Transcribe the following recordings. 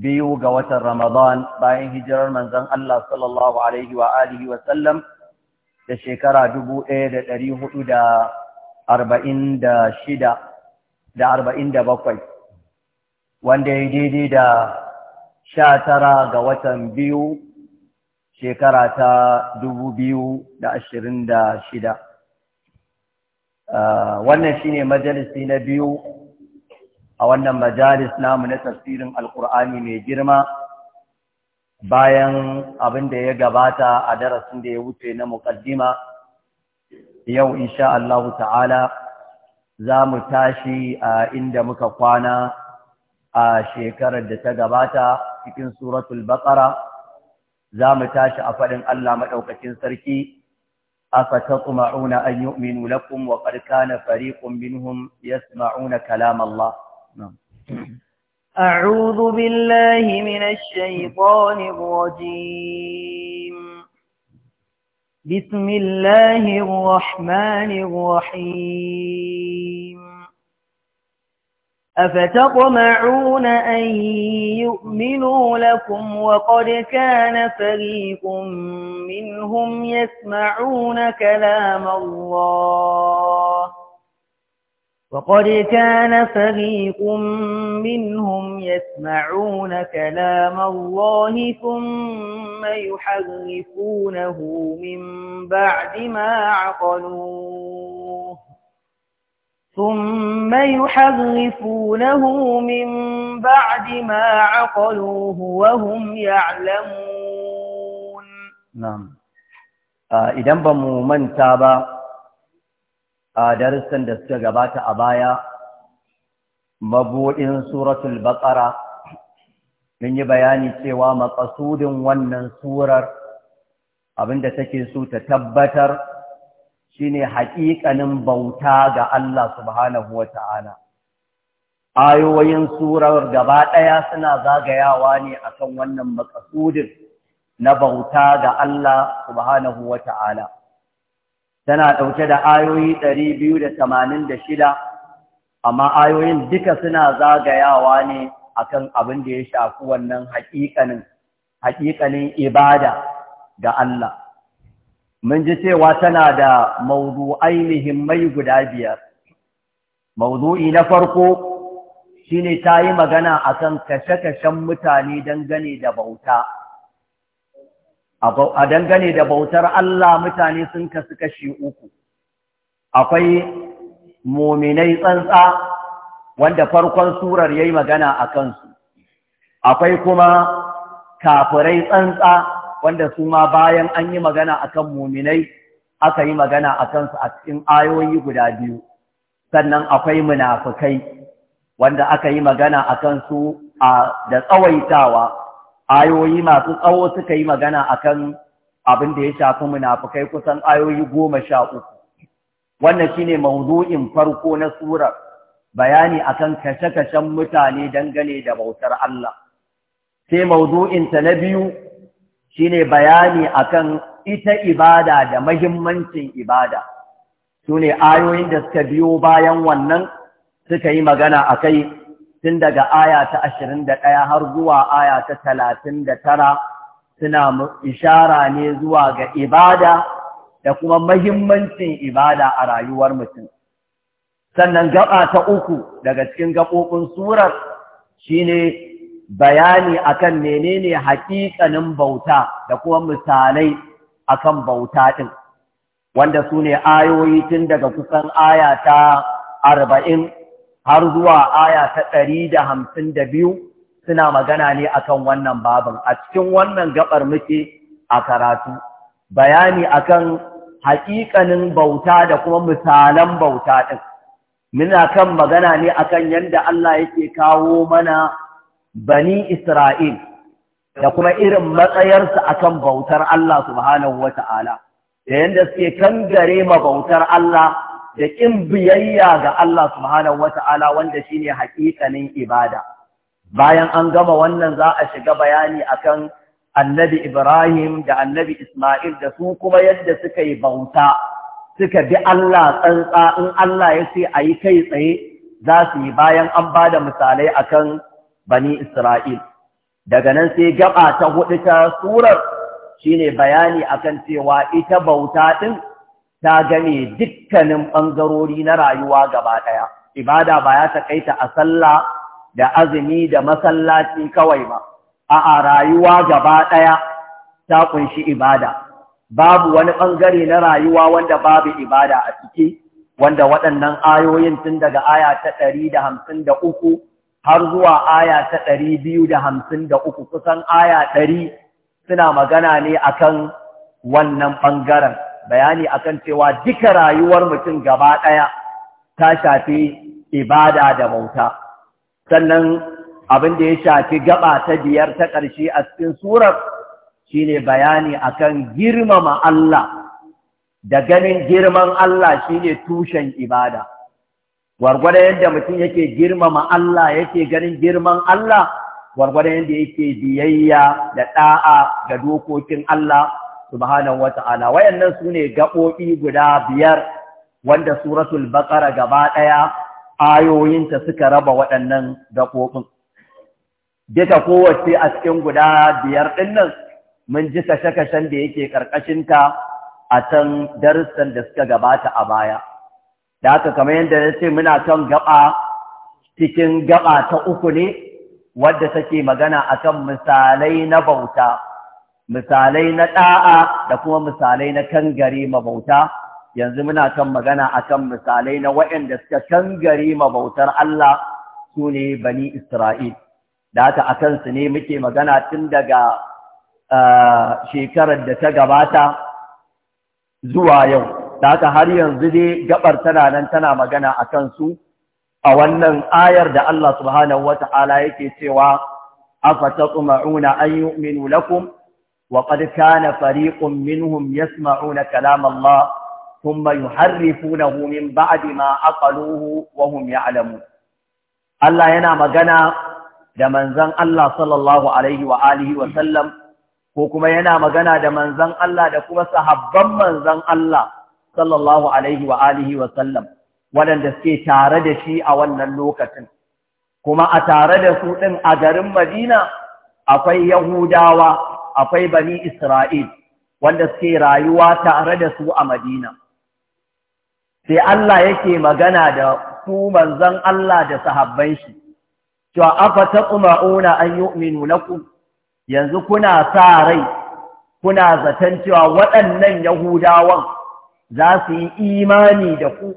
biyu ga watan Ramadan bayan hijirar manzon Allah sallallahu alaihi wa alihi wa sallam da shekara 1446 da 47 wanda ya daidai da 19 ga watan biyu shekara ta 2026 uh, wannan shine majalisi na biyu a wannan majalis namu na tafsirin alkur'ani mai girma bayan abin da ya gabata a darasin da ya wuce na muƙaddima yau insha Allah ta'ala za mu tashi a inda muka kwana a shekarar da ta gabata cikin suratul baqara za mu tashi a faɗin Allah maɗaukacin sarki أفتطمعون أن يؤمنوا لكم وقد كان fariƙun منهم يسمعون كلام الله نعم أعوذ بالله من الشيطان الرجيم بسم الله الرحمن الرحيم أفتطمعون أن يؤمنوا لكم وقد كان فريق منهم يسمعون كلام الله وقد كان فريق منهم يسمعون كلام الله ثم يحرفونه من بعد ما عقلوه ثم يحرفونه من بعد ما عقلوه وهم يعلمون نعم آه إذا بمو من تابا a darussan da suka gabata a baya mabuɗin suratul baƙara mun yi bayani cewa maƙasudin wannan surar abinda take so ta tabbatar shine haƙiƙanin bauta ga Allah subhanahu wata'ala ayoyin surar gaba ɗaya suna zagayawa ne akan wannan maƙasudin na bauta ga Allah subhanahu wata'ala tana ɗauke da ayoyi ɗari biyu da tamanin da shida, amma ayoyin duka suna zagayawa ne akan abin da ya shafi wannan haƙiƙanin ibada ga Allah. Mun ji cewa tana da mawdu'ai muhimmai guda biyar. Mawdu'i na farko shine ne ta yi magana akan kashe-kashen mutane dangane da bauta. a dangane da bautar Allah mutane sun kasu kashi uku akwai muminai tsantsa wanda farkon surar yi magana a kansu akwai kuma kafirai tsantsa wanda su ma bayan an yi magana a kan muminai aka yi magana a kansu a cikin ayoyi guda biyu sannan akwai munafukai wanda aka yi magana a kansu da tsawaitawa ayoyi masu tsawo suka yi magana akan abin da ya shafi munafukai kusan ayoyi goma sha uku wannan shine mawdu'in farko na surar bayani akan kashe-kashen mutane dangane da bautar Allah sai mawdu'in ta na biyu shine bayani akan ita ibada da mahimmancin ibada sune ayoyin da suka biyo bayan wannan suka yi magana akai tun daga aya ta ashirin da ɗaya har zuwa aya ta talatin da tara suna ishara ne zuwa ga ibada da kuma mahimmancin ibada a rayuwar mutum. Sannan gaba ta uku daga cikin gaɓoɓin surar shine bayani akan menene haƙiƙanin bauta da kuma misalai akan bauta ɗin, wanda su ne ayoyi tun daga kusan aya ta arba'in har zuwa aya ta ɗari da hamsin da biyu suna magana ne a kan wannan babin a cikin wannan gabar muke a karatu bayani a kan haƙiƙanin bauta da kuma misalan bauta ɗin muna kan magana ne a kan yadda Allah yake kawo mana bani Isra'il da kuma irin matsayarsa a kan bautar Allah subhanahu wata'ala da yadda suke kangare ma bautar Allah da ƙin biyayya ga Allah subhanahu wata'ala wanda shine haƙiƙanin ibada bayan an gama wannan za a shiga bayani akan annabi Ibrahim da annabi Ismail da su kuma yadda suka yi bauta suka bi Allah tsantsa in Allah ya ce a yi kai tsaye za su yi bayan an ba da misalai akan bani Isra'il. Daga nan sai gaba ta hudu ta surar shine bayani akan cewa ita bauta ɗin ta gane dukkanin ɓangarori na rayuwa gaba ɗaya. Ibada ba ya taƙaita a sallah da azumi da masallaci kawai ba, a'a rayuwa gaba ɗaya ta ƙunshi ibada. Babu wani ɓangare na rayuwa wanda babu ibada a ciki, wanda waɗannan ayoyin tun daga aya ta ɗari da hamsin da uku har zuwa aya ta ɗari biyu da hamsin da uku kusan aya ɗari suna magana ne akan wannan ɓangaren. bayani akan cewa duka rayuwar mutum gaba ɗaya ta shafi ibada da bauta sannan abin da ya shafi gaba ta biyar ta ƙarshe a cikin surar shine bayani akan girmama Allah da ganin girman Allah shine tushen ibada gwargwada yadda mutum yake girmama Allah yake ganin girman Allah gwargwada yadda yake biyayya da ɗa'a ga dokokin Allah subhanahu wata'ala wayannan sune gabobi guda biyar wanda suratul baqara gaba daya ayoyinta suka raba waɗannan gabobin duka kowace a cikin guda biyar dinnan mun ji kashe-kashen da yake karkashin ta a can darussan da suka gabata a baya da haka kamar yadda ce muna kan gaba cikin gaba ta uku ne wadda take magana akan misalai na bauta misalai na ɗa'a da kuma misalai na kangare mabauta yanzu muna kan magana akan misalai na waɗanda suka kangare mabautar Allah su ne bani Isra'il da haka a kansu ne muke magana tun daga shekarar da ta gabata zuwa yau da haka har yanzu dai gabar tana nan tana magana akan su a wannan ayar da Allah subhanahu wata'ala yake cewa afa tatma'una an lakum وقد كان فريق منهم يسمعون كلام الله ثم يحرفونه من بعد ما عقلوه وهم يعلمون الله yana magana da manzon Allah sallallahu alaihi wa alihi wa sallam ko kuma yana magana da manzon Allah da kuma sahabban manzon Allah sallallahu alaihi wa alihi wa sallam waɗanda suke tare da shi a wannan lokacin kuma a tare da su ɗin a garin Madina akwai Yahudawa akwai bani Isra'il wanda suke rayuwa tare da su a Madina. Sai Allah yake magana da su manzan Allah da sahabban shi, cewa afa ta umaruna an yu'minu lakum yanzu kuna sa rai, kuna zaton cewa waɗannan Yahudawan za su yi imani da ku,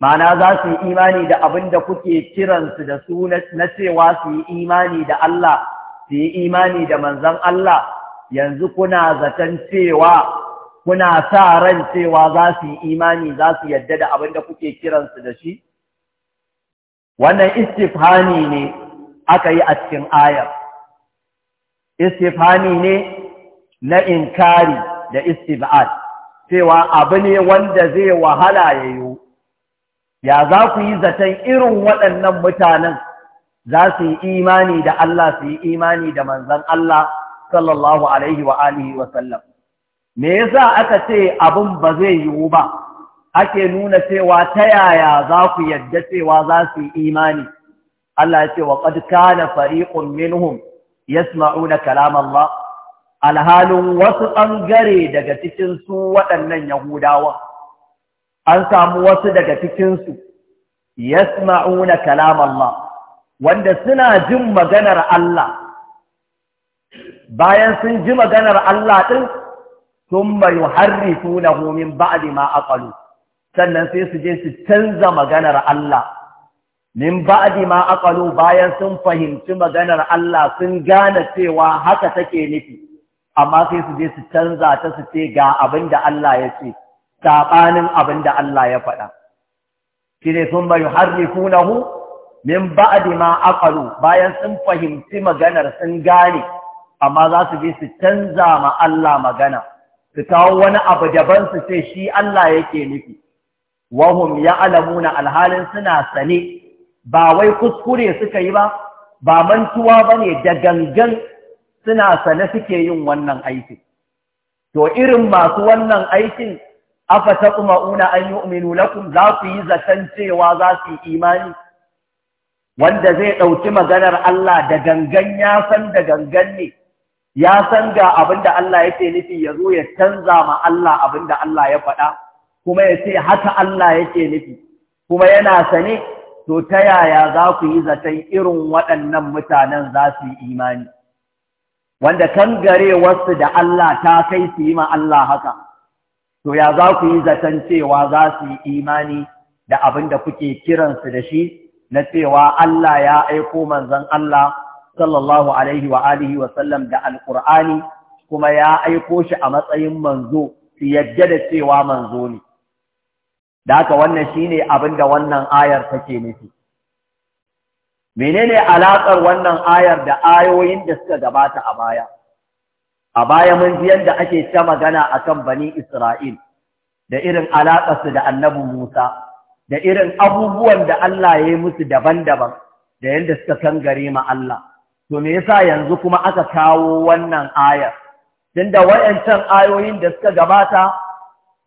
mana za su yi imani da abin da kuke kiransu da su na cewa su yi imani da Allah. su yi imani da manzan Allah yanzu kuna zaton cewa kuna sa ran cewa za su yi imani za su yadda da abin da kuke kiransu da shi wannan istifani ne aka yi a cikin ayar Istifani ne na inkari da istib'ad cewa abu ne wanda zai wahala ya yiwu ya za ku yi zaton irin waɗannan mutanen za su yi imani da Allah su yi imani da manzon Allah sallallahu alaihi wa alihi me yasa aka ce abin ba zai yiwu ba ake nuna cewa ta yaya za ku yadda cewa za su yi imani Allah ya ce wa qad kana Fari'un minhum yasma'una kalam Allah alhalun wasu bangare daga cikin waɗannan yahudawa an samu wasu daga cikinsu su yasma'una kalam Allah wanda suna jin maganar Allah bayan sun ji maganar Allah ɗin sun bayu harrifu na homin ba'adi ma aƙalu sannan sai su je su canza maganar Allah min ba'adi ma aƙalu bayan sun fahimci maganar Allah sun gane cewa haka take nufi amma sai su je su canza ta su ce ga abin da Allah ya ce saɓanin abin da Allah ya faɗa shi ne sun bayu harri na hu min ba'di ma aqalu bayan sun fahimci maganar sun gane amma za su je su canza ma Allah magana su kawo wani abu daban su ce shi Allah yake nufi wahum ya'lamuna alhalin suna sane ba wai kuskure suka yi ba ba mantuwa bane da gangan suna sane suke yin wannan aiki to irin masu wannan aikin afa taqma'una an yu'minu lakum za su yi zaton cewa za su yi imani wanda zai ɗauki maganar Allah da gangan ya san da gangan ne ya san ga abin da Allah yake nufi ya zo ya canza ma Allah abin da Allah ya faɗa kuma ya ce haka Allah yake nufi kuma yana sane to ta yaya za ku yi zaton irin waɗannan mutanen za su yi imani wanda kan gare wasu da Allah ta kai su yi ma Allah haka to ya za ku yi zaton cewa za su yi imani da abin da kuke kiransu da shi na cewa Allah ya aiko manzon Allah sallallahu alaihi wa alihi wa sallam da alqur'ani kuma ya aiko shi a matsayin manzo yadda da cewa manzo ne da haka wannan shine abin da wannan ayar take nufi menene alaƙar wannan ayar da ayoyin da suka gabata a baya a baya mun ji yadda ake ta magana akan bani Isra'il da irin alaƙarsu da annabi Musa da irin abubuwan da Allah ya yi musu daban-daban da yadda suka kan gare ma Allah. To me yasa yanzu kuma aka kawo wannan ayar? Tunda wayancan ayoyin da suka gabata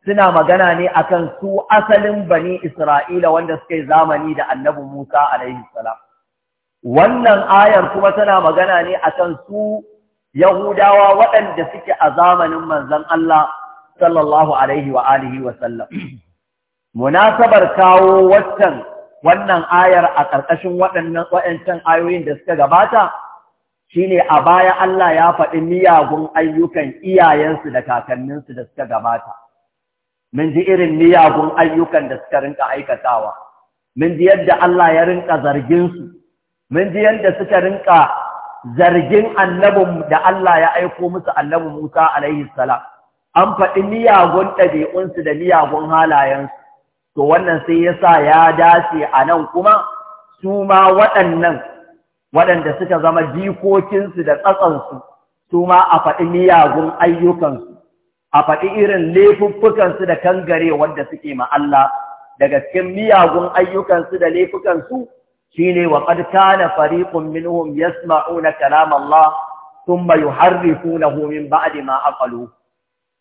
suna magana ne akan su asalin bani Isra'ila wanda suka yi zamani da Annabi Musa alaihi salam. Wannan ayar kuma tana magana ne akan su Yahudawa waɗanda suke a zamanin manzon Allah sallallahu alaihi wa alihi wa sallam. munasabar kawo waccan wannan ayar a ƙarƙashin waɗannan waɗancan ayoyin da suka gabata shine a baya Allah ya faɗi miyagun ayyukan iyayensu da kakanninsu da suka gabata mun ji irin miyagun ayyukan da suka rinka aikatawa mun ji yadda Allah ya rinka zargin su mun ji yadda suka rinka zargin annabin da Allah ya aiko musu annabi Musa alaihi salam an faɗi miyagun ɗabi'unsu da miyagun halayensu to wannan sai ya sa ya dace a nan kuma su ma waɗannan waɗanda suka zama jikokinsu da tsatsansu su ma a faɗi miyagun ayyukansu a faɗi irin laifuffukansu da kangare wanda suke ma'alla, Allah daga cikin miyagun ayyukansu da laifukansu shine wa qad kana fariqun minhum sun mayu Allah thumma homin min ba'di ma aqalu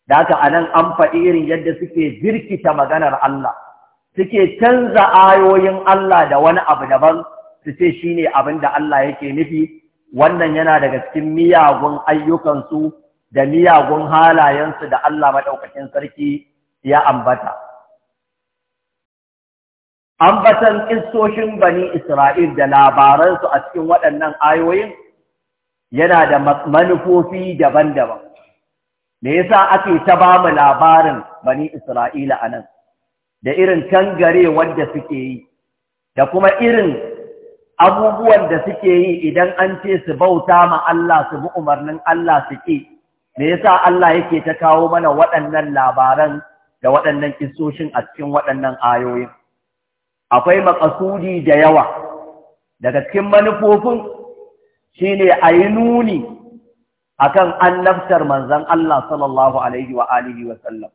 da a anan an faɗi irin yadda suke jirkita maganar Allah suke canza ayoyin Allah da wani abu daban su ce shi ne abin da Allah yake nufi wannan yana daga cikin miyagun ayyukansu da miyagun halayensu da Allah maɗaukakin sarki ya ambata. Ambatan ƙistoshin bani Isra'il da labaransu a cikin waɗannan ayoyin yana da manufofi daban-daban. Me yasa ake ta ba mu labarin bani Isra'ila a nan? da irin tangare wanda suke yi da kuma irin abubuwan da suke yi idan an ce su bauta ma Allah su bi umarnin Allah su ƙi me yasa Allah yake ta kawo mana waɗannan labaran da waɗannan kisoshin a cikin waɗannan ayoyin akwai makasudi da yawa daga cikin manufofin shine a yi nuni akan annabtar manzon Allah sallallahu alaihi wa alihi wa sallam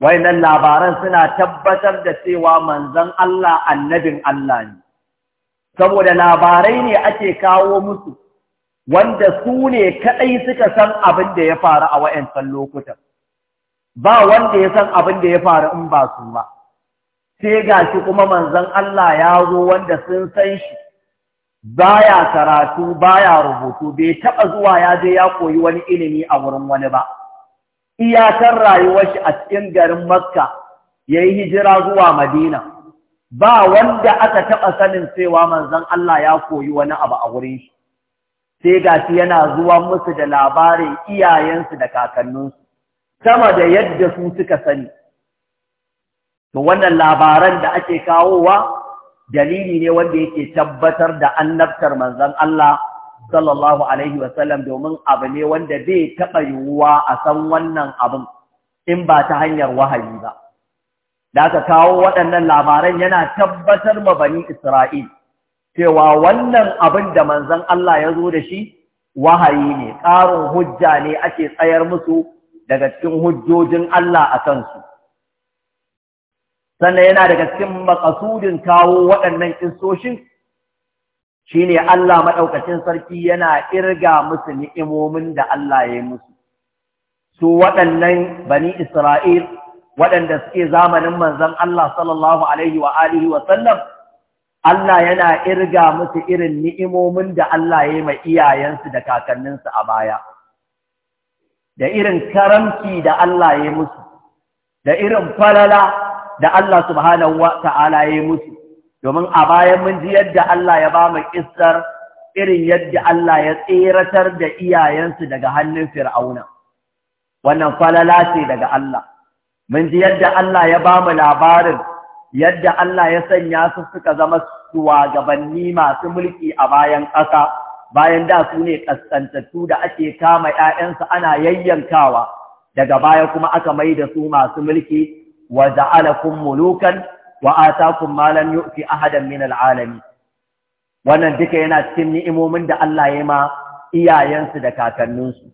nan labaran suna tabbatar da cewa manzon Allah annabin Allah ne, saboda labarai ne ake kawo musu wanda su ne kaɗai suka san abin da ya faru a wa'yancan lokutan, ba wanda ya san abin da ya faru in ba su ba, sai ga shi kuma manzon Allah ya zo wanda sun san shi, baya karatu, baya rubutu, bai taɓa zuwa ya je ya koyi wani ilimi a wurin wani ba. iyakar rayuwar shi a cikin garin Makka yayi hijira zuwa Madina ba wanda aka taɓa sanin cewa manzon Allah ya koyi wani abu a wurin shi sai gashi yana zuwa musu da labarin iyayensu da kakanninsu sama da yadda su suka sani to wannan labaran da ake kawowa dalili ne wanda yake tabbatar da annabtar manzon Allah sallallahu alaihi wasallam domin abu ne wanda zai taɓa yiwuwa a san wannan abin in ba ta hanyar wahayi ba. Da aka kawo waɗannan labaran yana tabbatar ma bani Isra'il cewa wannan abin da manzon Allah ya zo da shi wahayi ne, ƙarin hujja ne ake tsayar musu daga cikin hujjojin Allah a kansu. Sannan yana daga cikin makasudin kawo waɗannan isoshin shine Allah maɗaukacin sarki yana irga musu ni'imomin da Allah ya yi musu su waɗannan bani Isra'il waɗanda suke zamanin manzon Allah sallallahu alaihi wa alihi wa sallam Allah yana irga musu irin ni'imomin da Allah ya yi mai iyayensu da kakanninsu a baya da irin karamci da Allah ya yi musu da irin falala da Allah subhanahu wa ta'ala ya yi musu domin a bayan mun ji yadda Allah ya ba mu kissar irin yadda Allah ya tseratar da iyayensu daga hannun Fir'auna wannan falala ce daga Allah mun ji yadda Allah ya ba mu labarin yadda Allah ya sanya su suka zama shugabanni masu mulki a bayan ƙasa bayan da su ne kaskantattu da ake kama ƴaƴansu ana yayyankawa daga baya kuma aka mai da su masu mulki wa ja'alakum mulukan wa atakum ma lam yu'ti ahadan min al'alamin wannan duka yana cikin ni'imomin da Allah ya ma iyayensu da kakanninsu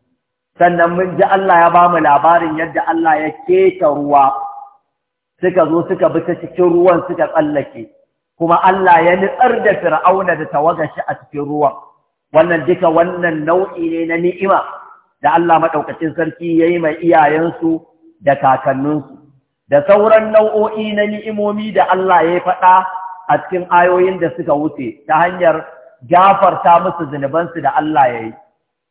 sannan mun ji Allah ya bamu labarin yadda Allah ya keta ruwa suka zo suka bi ta cikin ruwan suka tsallake kuma Allah ya nitsar da Fir'auna da tawagashi a cikin ruwan wannan duka wannan nau'i ne na ni'ima da Allah maɗaukacin sarki ya yi mai iyayensu da kakanninsu da sauran nau'o'i na ni'imomi da Allah ya faɗa a cikin ayoyin da suka wuce ta hanyar gafarta musu zunubansu da Allah ya yi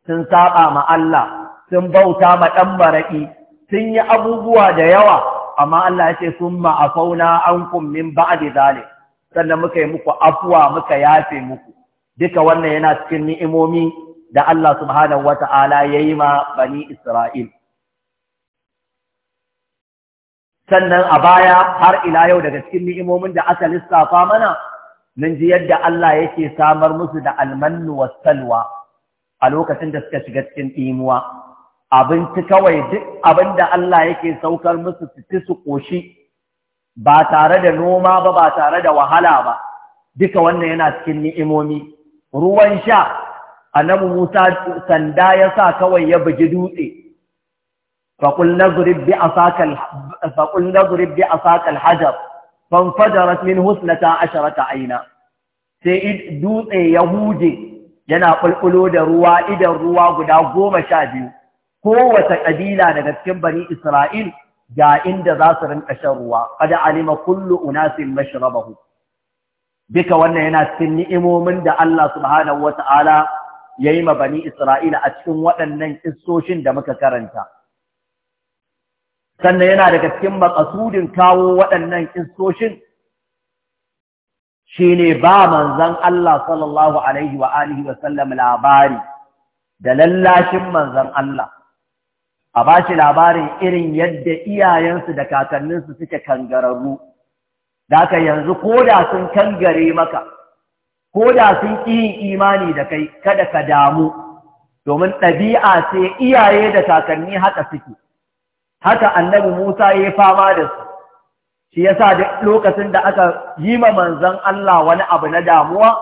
sun saɓa ma Allah sun bauta ma ɗan maraƙi sun yi abubuwa da yawa amma Allah ya ce sun ma'afauna an kummin ba'adi zalik sannan muka yi muku afuwa muka yafe muku duka wannan yana cikin ni'imomi da Allah subhanahu wa Ta'ala ya yi ma bani Isra'il sannan a baya har ila yau daga cikin ni'imomin da aka lissafa mana mun ji yadda Allah yake samar musu da almannu was salwa a lokacin da suka shiga cikin imuwa abinci kawai duk abin da Allah yake saukar musu su ci su koshi ba tare da noma ba ba tare da wahala ba duka wannan yana cikin ni'imomi ruwan sha annabi Musa sanda ya sa kawai ya bugi dutse فقل نضرب بعصاك فقل نضرب بعصاك الحجر فانفجرت منه اثنتا عشرة عينا sai dutse ya huje yana kulkulo da ruwa idan ruwa guda goma sha biyu kowace ƙabila daga cikin bani Isra'il ga inda za su rinka shan ruwa kada alima kullu unasin mashrabahu Bika wannan yana cikin ni'imomin da Allah subhanahu ya yayi ma bani Isra'ila a cikin waɗannan kissoshin da muka karanta sannan yana daga cikin makasudin kawo waɗannan Shi shine ba manzan Allah sallallahu alaihi wa alihi labari da lallashin manzan Allah a ba shi labarin irin yadda iyayensu da kakanninsu suke kangararru da aka yanzu ko da sun kangare maka ko da sun yi imani da kai kada ka damu domin ɗabi'a sai iyaye da kakanni haka suke haka annabi Musa ya yi fama da su shi ya sa lokacin da aka yi ma manzon Allah wani abu na damuwa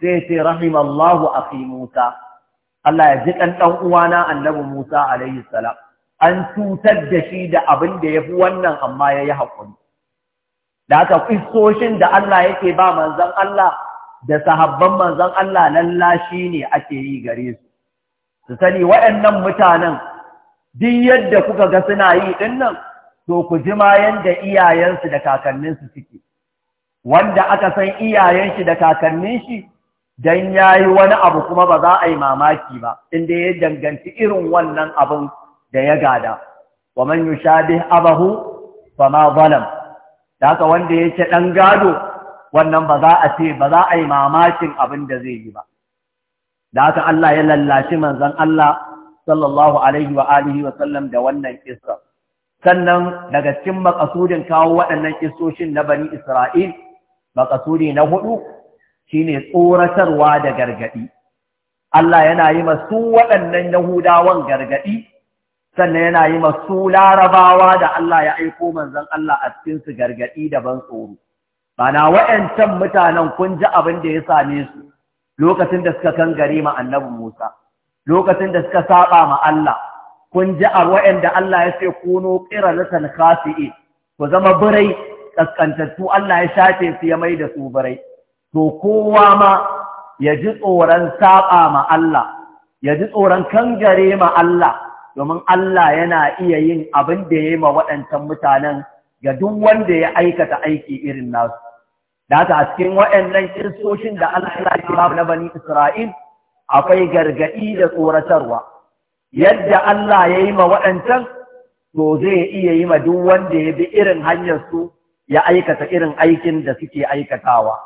sai sai, rahimallahu fi Musa Allah ya ji kan uwana annabi Musa alaihi salam an cutar da shi da abin da fi wannan amma ya yi haƙuri. da aka kissoshin da Allah yake ba manzan Allah da sahabban manzan Allah lallashi ne ake yi gare su su sani waɗannan mutanen duk yadda kuka ga suna yi din nan to ku ji ma yadda iyayensu da kakanninsu suke wanda aka san iyayen da kakannin shi dan yayi wani abu kuma ba za a yi mamaki ba inda ya danganci irin wannan abin da ya gada wa man yushabih abahu fama zalam haka wanda yake ɗan gado wannan ba za a ce ba za a yi mamakin abin da zai yi ba da haka Allah ya lallashi manzon Allah sallallahu alaihi wa alihi wa sallam da wannan kissa sannan daga cikin makasudin kawo waɗannan isoshin na bani Isra'il makasudi na hudu shine tsoratarwa da gargadi Allah yana yi masu waɗannan Yahudawan gargadi sannan yana yi masu larabawa da Allah ya aiko manzon Allah a cikin su gargadi da ban tsoro bana waɗancan mutanen kun ji abin da ya same su lokacin da suka kan gare ma annabi Musa lokacin da suka saba ma Allah kun ji a wa'anda Allah ya ce kuno qiradatan khasi'i ku zama birai kaskantattu Allah ya shafe su ya mai da su birai to kowa ma ya ji tsoron saba ma Allah ya ji tsoron kangare ma Allah domin Allah yana iya yin abin da ya yi ma waɗancan mutanen ga duk wanda ya aikata aiki irin nasu da haka a cikin waɗannan kiristocin da Allah ya ba na bani Isra'il akwai gargaɗi da tsoratarwa yadda Allah ya yi ma waɗancan to zai iya yi ma duk wanda ya bi irin hanyar su ya aikata irin aikin da suke aikatawa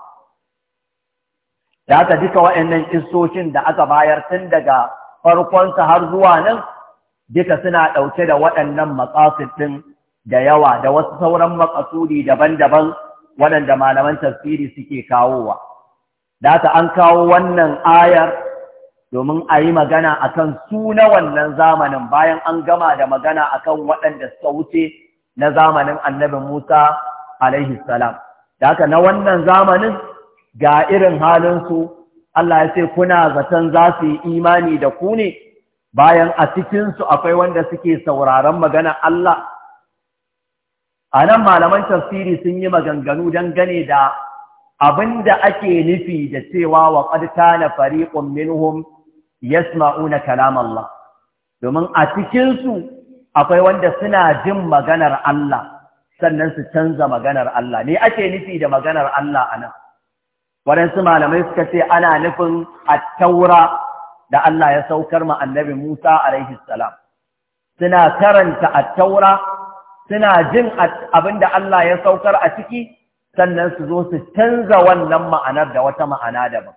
da aka duka waɗannan kistocin da aka bayar tun daga farkonsa har zuwa nan duka suna ɗauke da waɗannan matsasin ɗin da yawa da wasu sauran maƙasudi daban-daban waɗanda malaman tafsiri suke kawowa da aka an kawo wannan ayar domin a yi magana akan su na wannan zamanin bayan an gama da magana akan waɗanda suka wuce na zamanin annabi Musa alaihi salam da haka na wannan zamanin ga irin halinsu Allah ya ce kuna zaton za su yi imani da ku ne bayan a cikinsu akwai wanda suke sauraron magana Allah a nan malaman tafsiri sun yi maganganu dangane da abin da ake nufi da cewa wa ƙadda na fariƙun minhum yasma'una kalam Allah domin a cikin su akwai wanda suna jin maganar Allah sannan su canza maganar Allah ne ake nufi da maganar Allah anan waɗansu malamai suka ce ana nufin at-taura da Allah ya saukar ma annabi Musa alaihi salam suna karanta at-taura suna jin abinda Allah ya saukar a ciki sannan su zo su canza wannan ma'anar da wata ma'ana daban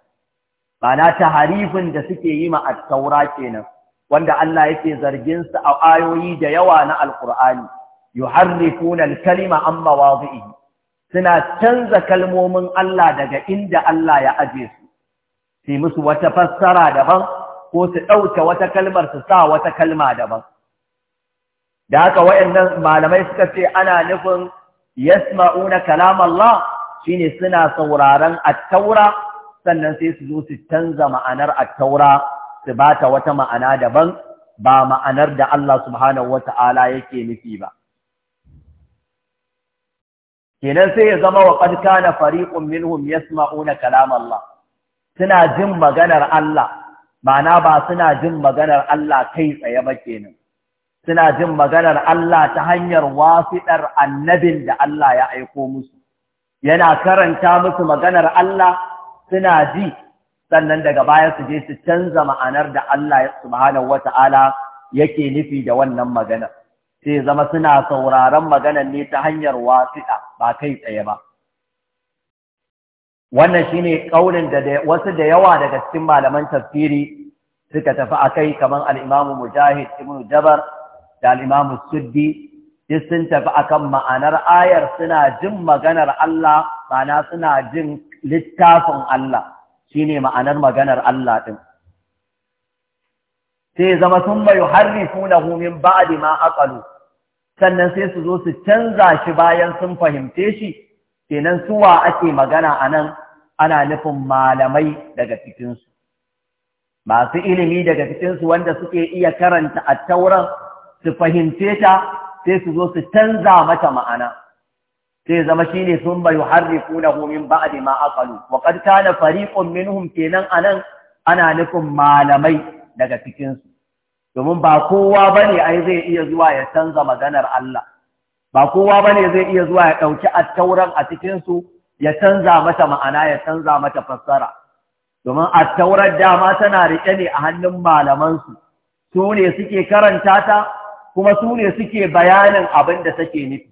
ta taharifin da suke yi ma at-taura kenan wanda Allah yake zargin su a ayoyi da yawa na alqur'ani yuharrifuna al-kalima an mawadhihi suna canza kalmomin Allah daga inda Allah ya aje su sai musu wata fassara daban ko su ɗauke wata kalmar su sa wata kalma daban da haka wayannan malamai suka ce ana nufin yasma'una kalam Allah shine suna sauraron at-taura sannan sai su zo su canza ma'anar attaura su ba ta wata ma'ana daban ba ma'anar da Allah subhanahu wata'ala yake nufi ba kenan sai ya zama wa qad na fariƙun minhum na kalam Allah suna jin maganar Allah ma'ana ba suna jin maganar Allah kai tsaye ba kenan suna jin maganar Allah ta hanyar wasiɗar annabin da Allah ya aiko musu yana karanta musu maganar Allah suna ji sannan daga baya su je su canza ma'anar da Allah subhanahu wata'ala yake nufi da wannan magana sai zama suna sauraron maganar ne ta hanyar wasiƙa ba kai tsaye ba wannan shine kaulin da wasu da yawa daga cikin malaman tafsiri suka tafi akai kaman al-Imam Mujahid ibn Jabar da al-Imam Suddi duk sun tafi akan ma'anar ayar suna jin maganar Allah ma'ana suna jin littafin Allah shi ne ma'anar maganar Allah ɗin. sai zama sun mai harrifunahu min ba'di ma ƙalu, sannan sai su zo su canza shi bayan sun fahimce shi kenan suwa ake magana a nan, ana nufin malamai daga cikinsu masu ilimi daga cikinsu wanda suke iya karanta a tauren, su fahimce ta sai su zo su canza mata ma'ana sai zama shine sun bai harrifunahu min ba'di ma ma'akalu Waƙar ta kana fariqun minhum kenan anan ana nufin malamai daga cikinsu. domin ba kowa ba ne ai zai iya zuwa ya canza maganar Allah ba kowa bane zai iya zuwa ya ɗauki attauran a cikinsu, ya canza mata ma'ana ya canza mata fassara domin attaurar dama tana riƙe ne a hannun malamansu, su su ne suke karanta ta kuma su ne suke bayanin abin da take nufi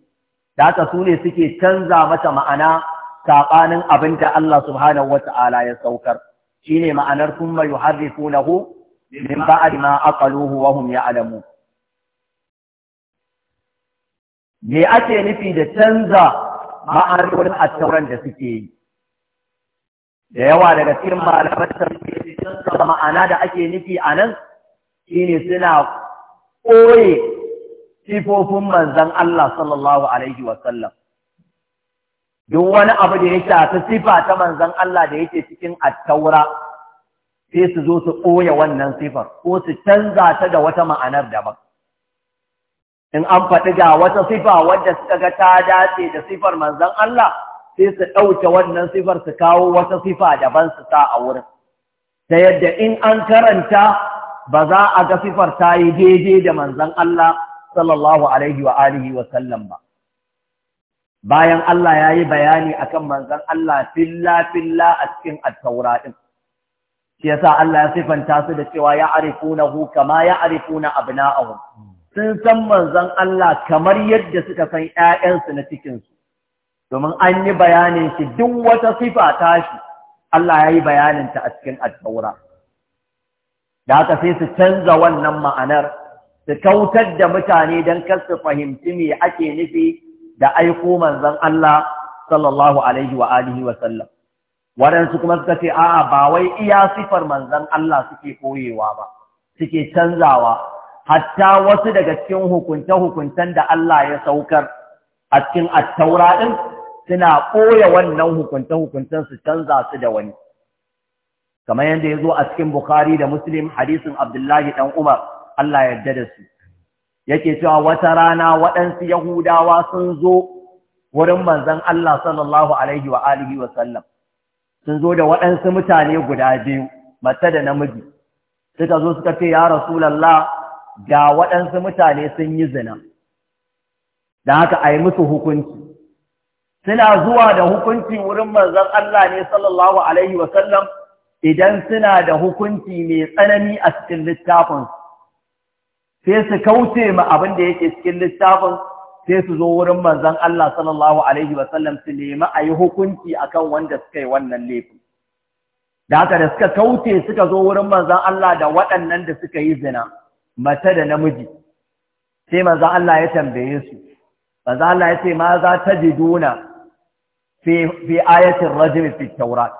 da haka su ne suke canza mata ma'ana saɓanin abin da Allah subhanahu wa ta'ala ya saukar shi ne ma'anar sun mai harri na min ba'ad ma aqaluhu wa hum alamu. me ake nufi da canza a attauran da suke yi da yawa daga cikin malamar malaman suke canza ma'ana da ake nufi a nan shine suna ƙoye sifofin manzan Allah sallallahu Alaihi wasallam. Duk wani abu da ya shafi sifa ta manzan Allah da yake cikin attaura sai su zo su ɓoye wannan sifar ko su canza ta da wata ma'anar daban. In an faɗi ga wata sifa wadda suka ga ta dace da sifar manzan Allah sai su ɗauke wannan sifar su kawo wata sifa daban su sa a wurin. Ta yadda in an karanta ba za a ga sifar ta yi daidai da manzan Allah sallallahu alaihi wa alihi wa sallam ba bayan Allah ya yi bayani akan manzon Allah filla filla a cikin at din shi yasa Allah ya sifanta su da cewa ya'rifunahu kama ya'rifuna abna'ahum sun san manzon Allah kamar yadda suka san 'ya'yansu na cikinsu, domin an yi bayanin shi duk wata sifa ta shi Allah ya yi bayaninta a cikin at da haka sai su canza wannan ma'anar su kautar da mutane don kar su fahimci me ake nufi da aiko manzon Allah sallallahu alaihi wa alihi wa sallam waɗansu kuma suka ce a'a ba wai iya sifar manzon Allah suke koyewa ba suke canzawa hatta wasu daga cikin hukunce-hukuncen da Allah ya saukar a cikin attaura ɗin suna ɓoye wannan hukunce-hukuncen su canza su da wani kamar yadda ya zo a cikin Bukhari da Muslim hadisin Abdullahi dan Umar Allah ya yarda da su yake cewa wata rana waɗansu Yahudawa sun zo wurin manzon Allah sallallahu alaihi wa alihi wa sallam sun zo da waɗansu mutane guda biyu mata da namiji suka zo suka ce ya rasulullah ga waɗansu mutane sun yi zina da haka a yi musu hukunci suna zuwa da hukunci wurin manzon Allah ne sallallahu alaihi wa sallam idan suna da hukunci mai tsanani a cikin littafinsu sai su kauce ma abin da yake cikin littafin sai su zo wurin manzon Allah sallallahu alaihi su nemi a yi hukunci akan wanda suka yi wannan laifin da haka da suka kauce suka zo wurin manzon Allah da waɗannan da suka yi zina mata da namiji sai manzon Allah ya tambaye su manzon Allah ya ce ma za ta jiduna fi ayatin rajul fi taurat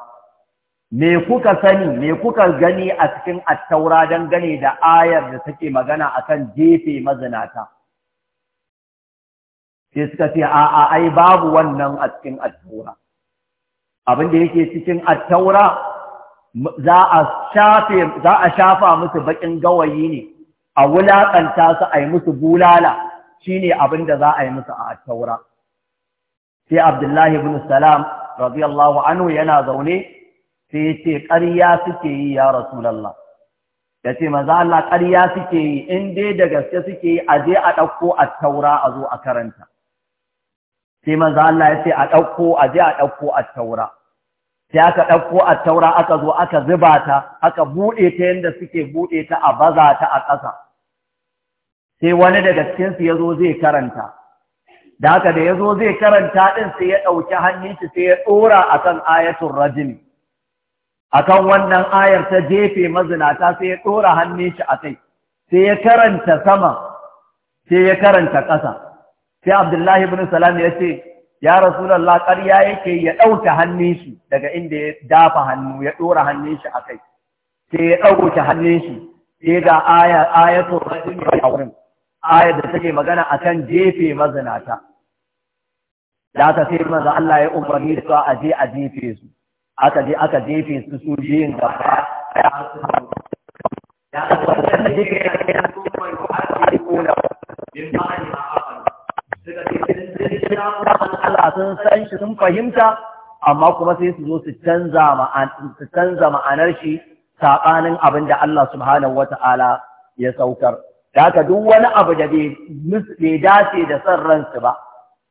me kuka sani me kuka gani a cikin attaura don gane da ayar da take magana akan jefe mazinata sai suka ce a'a ai babu wannan a cikin attaura abin da yake cikin attaura za a shafe za a shafa musu bakin gawayi ne a wulaƙanta su ai musu bulala shine abin da za a yi musu a attaura sai abdullahi ibn salam radiyallahu anhu yana zaune sai ya ce ƙarya suke yi ya rasulallah ya ce maza Allah ƙarya suke yi in dai da gaske suke yi a je a ɗauko a taura a zo a karanta sai maza Allah ya ce a ɗauko a je a ɗauko a taura sai aka ɗauko a taura aka zo aka zuba ta aka buɗe ta yadda suke buɗe ta a baza ta a ƙasa sai wani daga cikinsu ya zo zai karanta da haka da ya zo zai karanta ɗin sai ya ɗauki hannun shi sai ya ɗora a kan ayatun rajimi akan wannan ayar ta jefe mazinata sai ya ɗora hannun shi a kai sai ya karanta sama sai ya karanta ƙasa sai abdullahi ibn salam ya ce ya rasulallah ƙarya yake ya ɗauke hannun shi daga inda ya dafa hannu ya ɗora hannun shi a kai sai ya ɗauke hannun shi sai ga aya aya to aya ayar da take magana akan jefe mazinata da aka sai maza Allah ya umarni da a je a jefe su aka je aka jefe su su biyun gaba ya wannan da yake da kan kuma ko ake kula bin ma'ani ma afan suka ce sun Allah sun san shi sun fahimta amma kuma sai su zo su canza ma'anar su canza ma'anar shi sabanin abin da Allah subhanahu wata'ala ya saukar da haka duk wani abu da bai dace da son ransu ba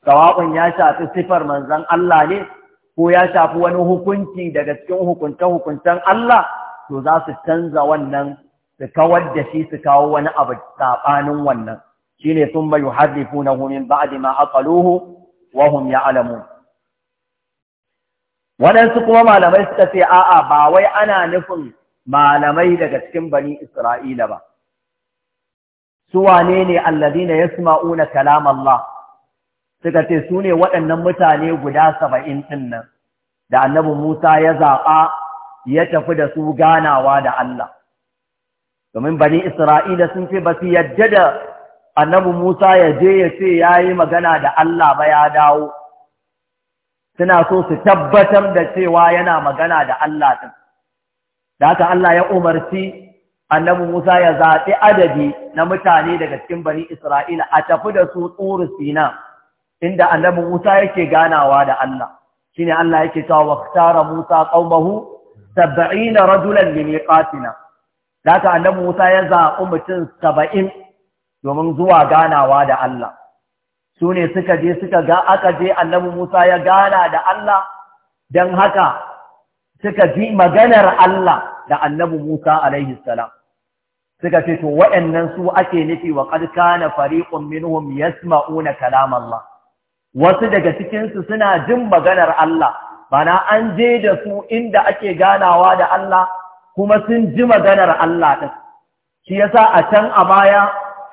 sawa'un ya shafi sifar manzon Allah ne ko ya shafi wani hukunci daga cikin hukunce-hukuncen Allah to za su canza wannan su kawar da shi su kawo wani abu saɓanin wannan shi ne sun bayu harrifu na hunin ba'adi ma aqaluhu wa ya alamu. waɗansu kuma malamai suka ce a'a ba wai ana nufin malamai daga cikin bani Isra'ila ba su wane ne alladhina yasma'una kalam Allah suka ce su ne waɗannan mutane guda saba'in ɗin nan da annabi Musa ya zaɓa ya tafi da su ganawa da Allah. Domin bani Isra'ila sun ce ba su yadda da annabi Musa ya je ya ce ya yi magana da Allah ba ya dawo. Suna so su tabbatar da cewa yana magana da Allah ɗin. Da haka Allah ya umarci annabi Musa ya zaɓi adadi na mutane daga cikin bani Isra'ila a tafi da su tsuru Sina. inda annabi Musa yake ganawa da Allah shine Allah yake cewa waqtara Musa qaumahu 70 rajulan li miqatina daga annabi Musa ya zaɓi mutum 70 domin zuwa ganawa da Allah sune suka je suka ga aka je annabi Musa ya gana da Allah dan haka suka ji maganar Allah da annabi Musa alaihi salam suka ce to waɗannan su ake nufi wa qad kana fariqun minhum yasma'una kalam Allah wasu daga cikinsu suna jin maganar Allah bana an je da su inda ake ganawa da Allah kuma sun ji maganar Allah ɗin shi yasa a can a baya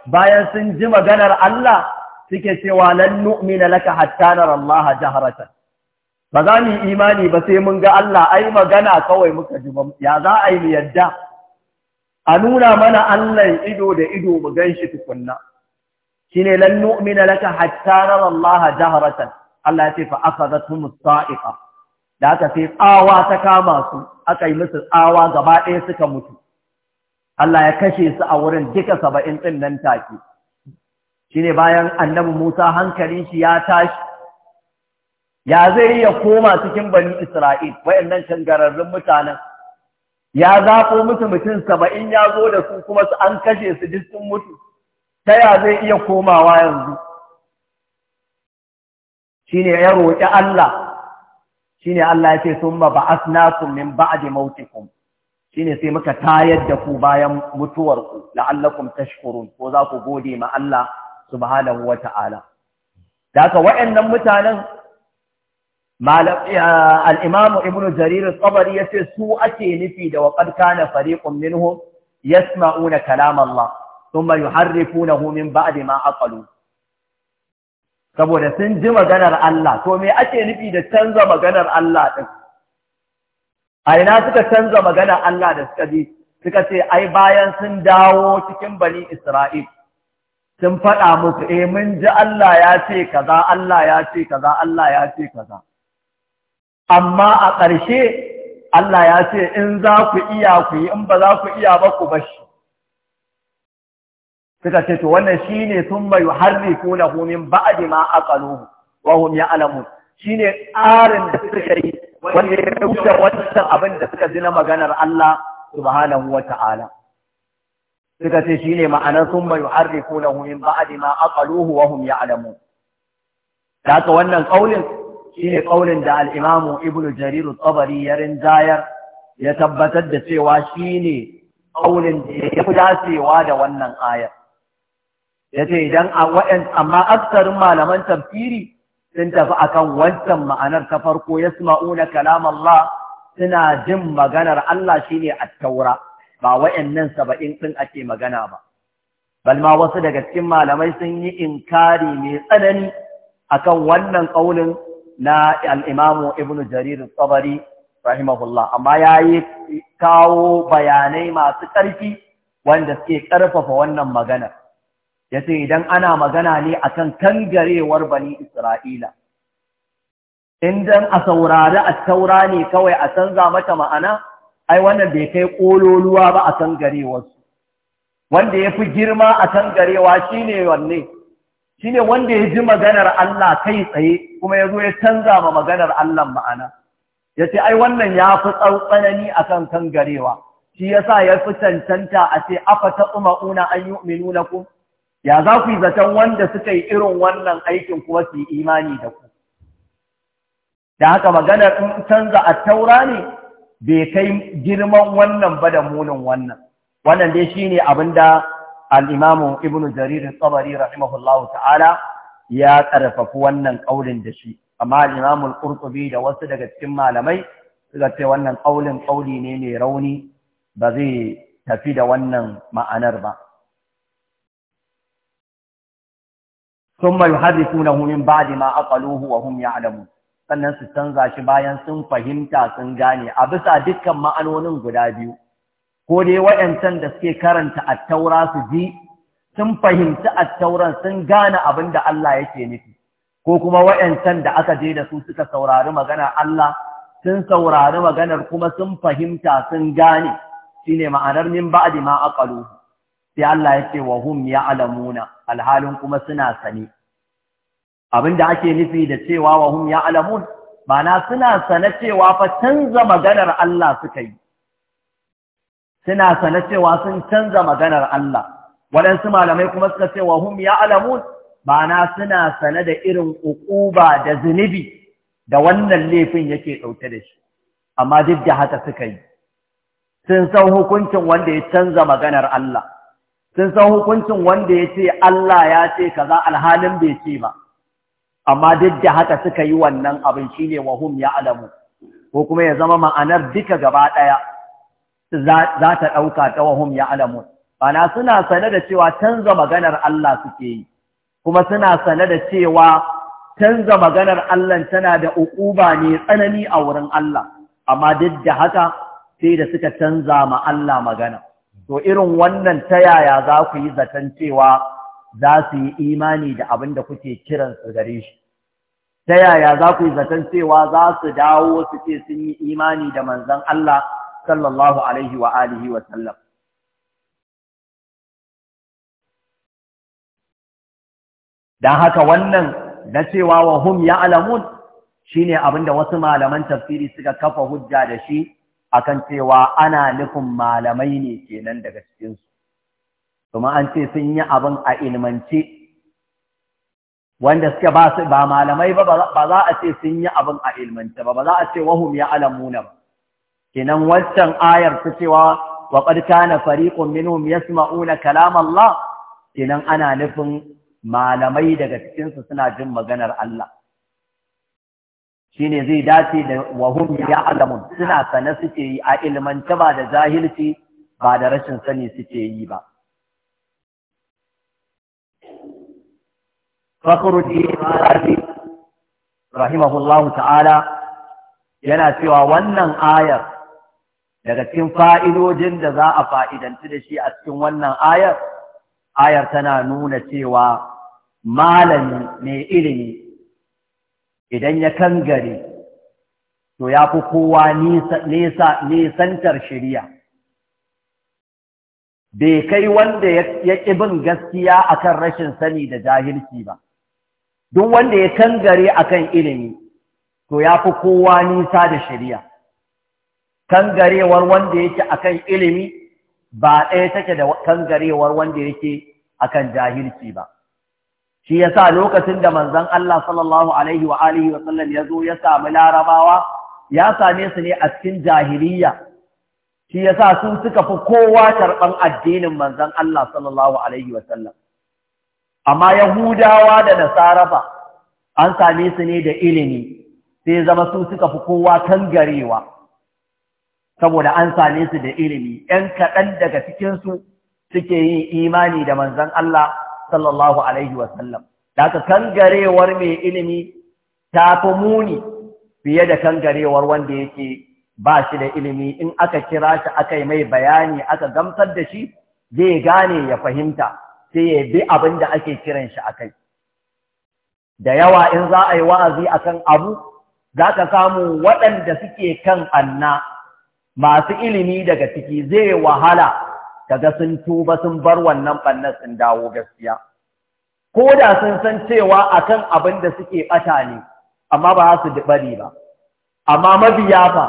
bayan sun ji maganar Allah suke cewa lan nu'mina laka hatta nara Allah jaharatan ba za mu imani ba sai mun ga Allah ai magana kawai muka ji ya za a yi mu yadda a nuna mana Allah ido da ido mu gan shi tukunna shine lan nu'mina laka hatta nara Allah jahratan Allah ya ce fa akhadathum saiqa da aka sai tsawa ta kama su aka yi musu tsawa gaba ɗaya suka mutu Allah ya kashe su a wurin duka saba'in ɗin nan take shine bayan annabi Musa hankalin shi ya tashi ya zai iya koma cikin bani Isra'il wayannan shangararrun mutanen ya zafo musu mutum saba'in ya zo da su kuma su an kashe su duk sun mutu ta ya zai iya komawa yanzu ne ya roƙi Allah ne Allah ya ce summa ba'asnakum min ba'di Shi ne sai muka tayar da ku bayan mutuwarku la'allakum tashkurun ko za ku gode ma Allah subhanahu wata'ala daga waɗannan mutanen al-imamu ibnu jarir tsabar ya yace su ake nufi da wa qad kana minhu minhum yasma'una kalam Allah thumma yuharrifunahu min ba'di ma aqalu saboda sun ji maganar Allah to me ake nufi da canza maganar Allah din a ina suka canza maganar Allah da suka ji suka ce ai bayan sun dawo cikin bani Isra'il sun faɗa muku, e eh, mun ji Allah ya ce kaza Allah ya ce kaza Allah ya ce kaza amma a ƙarshe Allah ya ce in za ku iya ku yi in ba za ku iya ba ku bashi suka ce to wannan shine thumma yuharrifunahu min ba'di ma aqaluhu wa hum ya'lamun shine tsarin da suka yi wanda ya rubuta wancan abin da suka ji na maganar Allah subhanahu wa ta'ala suka ce shine ma'anar thumma yuharrifunahu min ba'di ma aqaluhu wa hum ya'lamun da haka wannan kaulin shine kaulin da al-Imam Ibn Jarir al-Tabari ya rinjayar ya tabbatar da cewa shine kaulin da ya fi dacewa da wannan ayar ya ce idan a waɗan amma aksarin malaman tafsiri sun tafi akan wancan ma'anar ta farko ya sma'una kalam Allah suna jin maganar Allah shine a taura ba waɗannan saba'in ɗin ake magana ba Balma wasu daga cikin malamai sun yi inkari mai tsanani akan wannan ƙaunin na al'imamu ibn jarir tsabari rahimahullah amma ya yi kawo bayanai masu ƙarfi wanda suke ƙarfafa wannan maganar ya ce idan ana magana ne akan kangarewar bani isra'ila dan a saurari a taura ne kawai a canza mata ma'ana ai wannan bai kai ƙololuwa ba a kangarewarsu wanda ya fi girma a kangarewa shi ne wanne shi ne wanda ya ji maganar Allah kai tsaye kuma yazo ya canza ma maganar Allah ma'ana ya ce ai wannan ya fi tsautsanani a kan kangarewa shi ya sa ya fi cancanta a ce afa ta umaruna an yi umarnu na ku ya za ku yi zaton wanda suka yi irin wannan aikin kuma su yi imani da ku da haka maganar in canza a taura ne bai kai girman wannan ba da munin wannan wannan dai ne abin da al Ibn ibnu jarir tsabari rahimahullahu ta'ala ya karfafi wannan ƙaunin da shi amma al-imamu da wasu daga cikin malamai suka ce wannan ƙaunin ƙauli ne mai rauni ba zai tafi da wannan ma'anar ba thumma yuhadithunahu min ba'di ma aqaluhu wa hum Adamu, sannan su canza shi bayan sun fahimta sun gane a bisa dukkan ma'anonin guda biyu ko dai wayancan da suke karanta attaura su ji sun fahimci attauran sun gane abin da Allah yake nufi ko kuma wayancan da aka je da su suka saurari maganar Allah sun saurari maganar kuma sun fahimta sun gane shine ma'anar min ba'di ma sai Allah ya ce wa hum ya'lamuna alhalin kuma suna sane abinda ake nufi da cewa wa hum ya'lamun ma'ana suna sane cewa fa canza maganar Allah suka yi suna sane cewa sun canza maganar Allah waɗansu malamai kuma suka ce wa hum ya'lamun ma'ana suna sane da irin uquba da zunubi da wannan laifin yake dauke da shi amma duk da haka suka yi sun san hukuncin wanda ya canza maganar Allah sun san hukuncin wanda ya ce Allah ya ce kaza alhalin bai ce ba amma duk da haka suka yi wannan abin shine wahum ya alamu ko kuma ya zama ma'anar duka gaba ɗaya za ta ɗauka ta wahum ya alamu bana suna sane da cewa canza maganar Allah suke yi kuma suna sane da cewa canza maganar Allah tana da uƙuba ne tsanani a wurin Allah amma duk da haka sai da suka canza ma Allah magana to irin wannan ta yaya za ku yi zaton cewa za su yi imani da abin da kuke kiran su gare shi ta yaya za ku yi zaton cewa za su dawo su ce sun yi imani da manzon Allah sallallahu alaihi wa alihi wa sallam dan haka wannan na cewa wa hum ya'lamun shine da wasu malaman tafsiri suka kafa hujja da shi akan cewa ana nufin malamai ne kenan daga cikinsu kuma an ce sun yi abin a ilmance wanda suke ba su ba malamai ba ba za a ce sun yi abin a ilmance ba ba za a ce wahum ya alamuna ba kenan wancan ayar ta cewa wa qad kana fariqun minhum yasma'una kalam Allah kenan ana nufin malamai daga cikinsu suna jin maganar Allah shine zai dace da wahum ya'lamun suna sane suke yi a ilmance ba da jahilci ba da rashin sani suke yi ba fakhruddin razi rahimahullahu ta'ala yana cewa wannan ayar daga cikin fa'idodin da za a fa'idanci da shi a cikin wannan ayar ayar tana nuna cewa malami mai ilimi idan ya kangare to ya fi kowa nisantar shirya bai kai wanda ya ƙi bin gaskiya akan rashin sani da jahilci ba duk wanda ya kangare akan ilimi to ya fi kowa nisa da shirya kangarewar wanda yake akan ilimi ba ɗaya take da kangarewar wanda yake akan jahilci ba shi ya sa lokacin da manzon Allah sallallahu alaihi wa alihi wa sallam ya zo ya sami larabawa ya same su ne a cikin jahiliya shi ya sa sun suka fi kowa tarban addinin manzon Allah sallallahu alaihi wa sallam amma yahudawa da nasarafa an same su ne da ilimi sai zama su suka fi kowa kangarewa saboda an same su da ilimi 'yan kaɗan daga cikinsu suke yin imani da manzon Allah sallallahu alaihi wasallam da ka kangarewar mai ilimi ta fi muni fiye da kangarewar wanda yake ba shi da ilimi in aka kira shi aka yi mai bayani aka gamsar da shi zai gane ya fahimta sai ya bi abin da ake kiran shi akai da yawa in za a yi wa'azi akan abu za ka samu waɗanda suke kan anna masu ilimi daga ciki zai wahala kaga sun tuba sun bar wannan banna sun dawo gaskiya ko da sun san cewa akan abin da suke bata ne amma ba su bari ba amma mabiya fa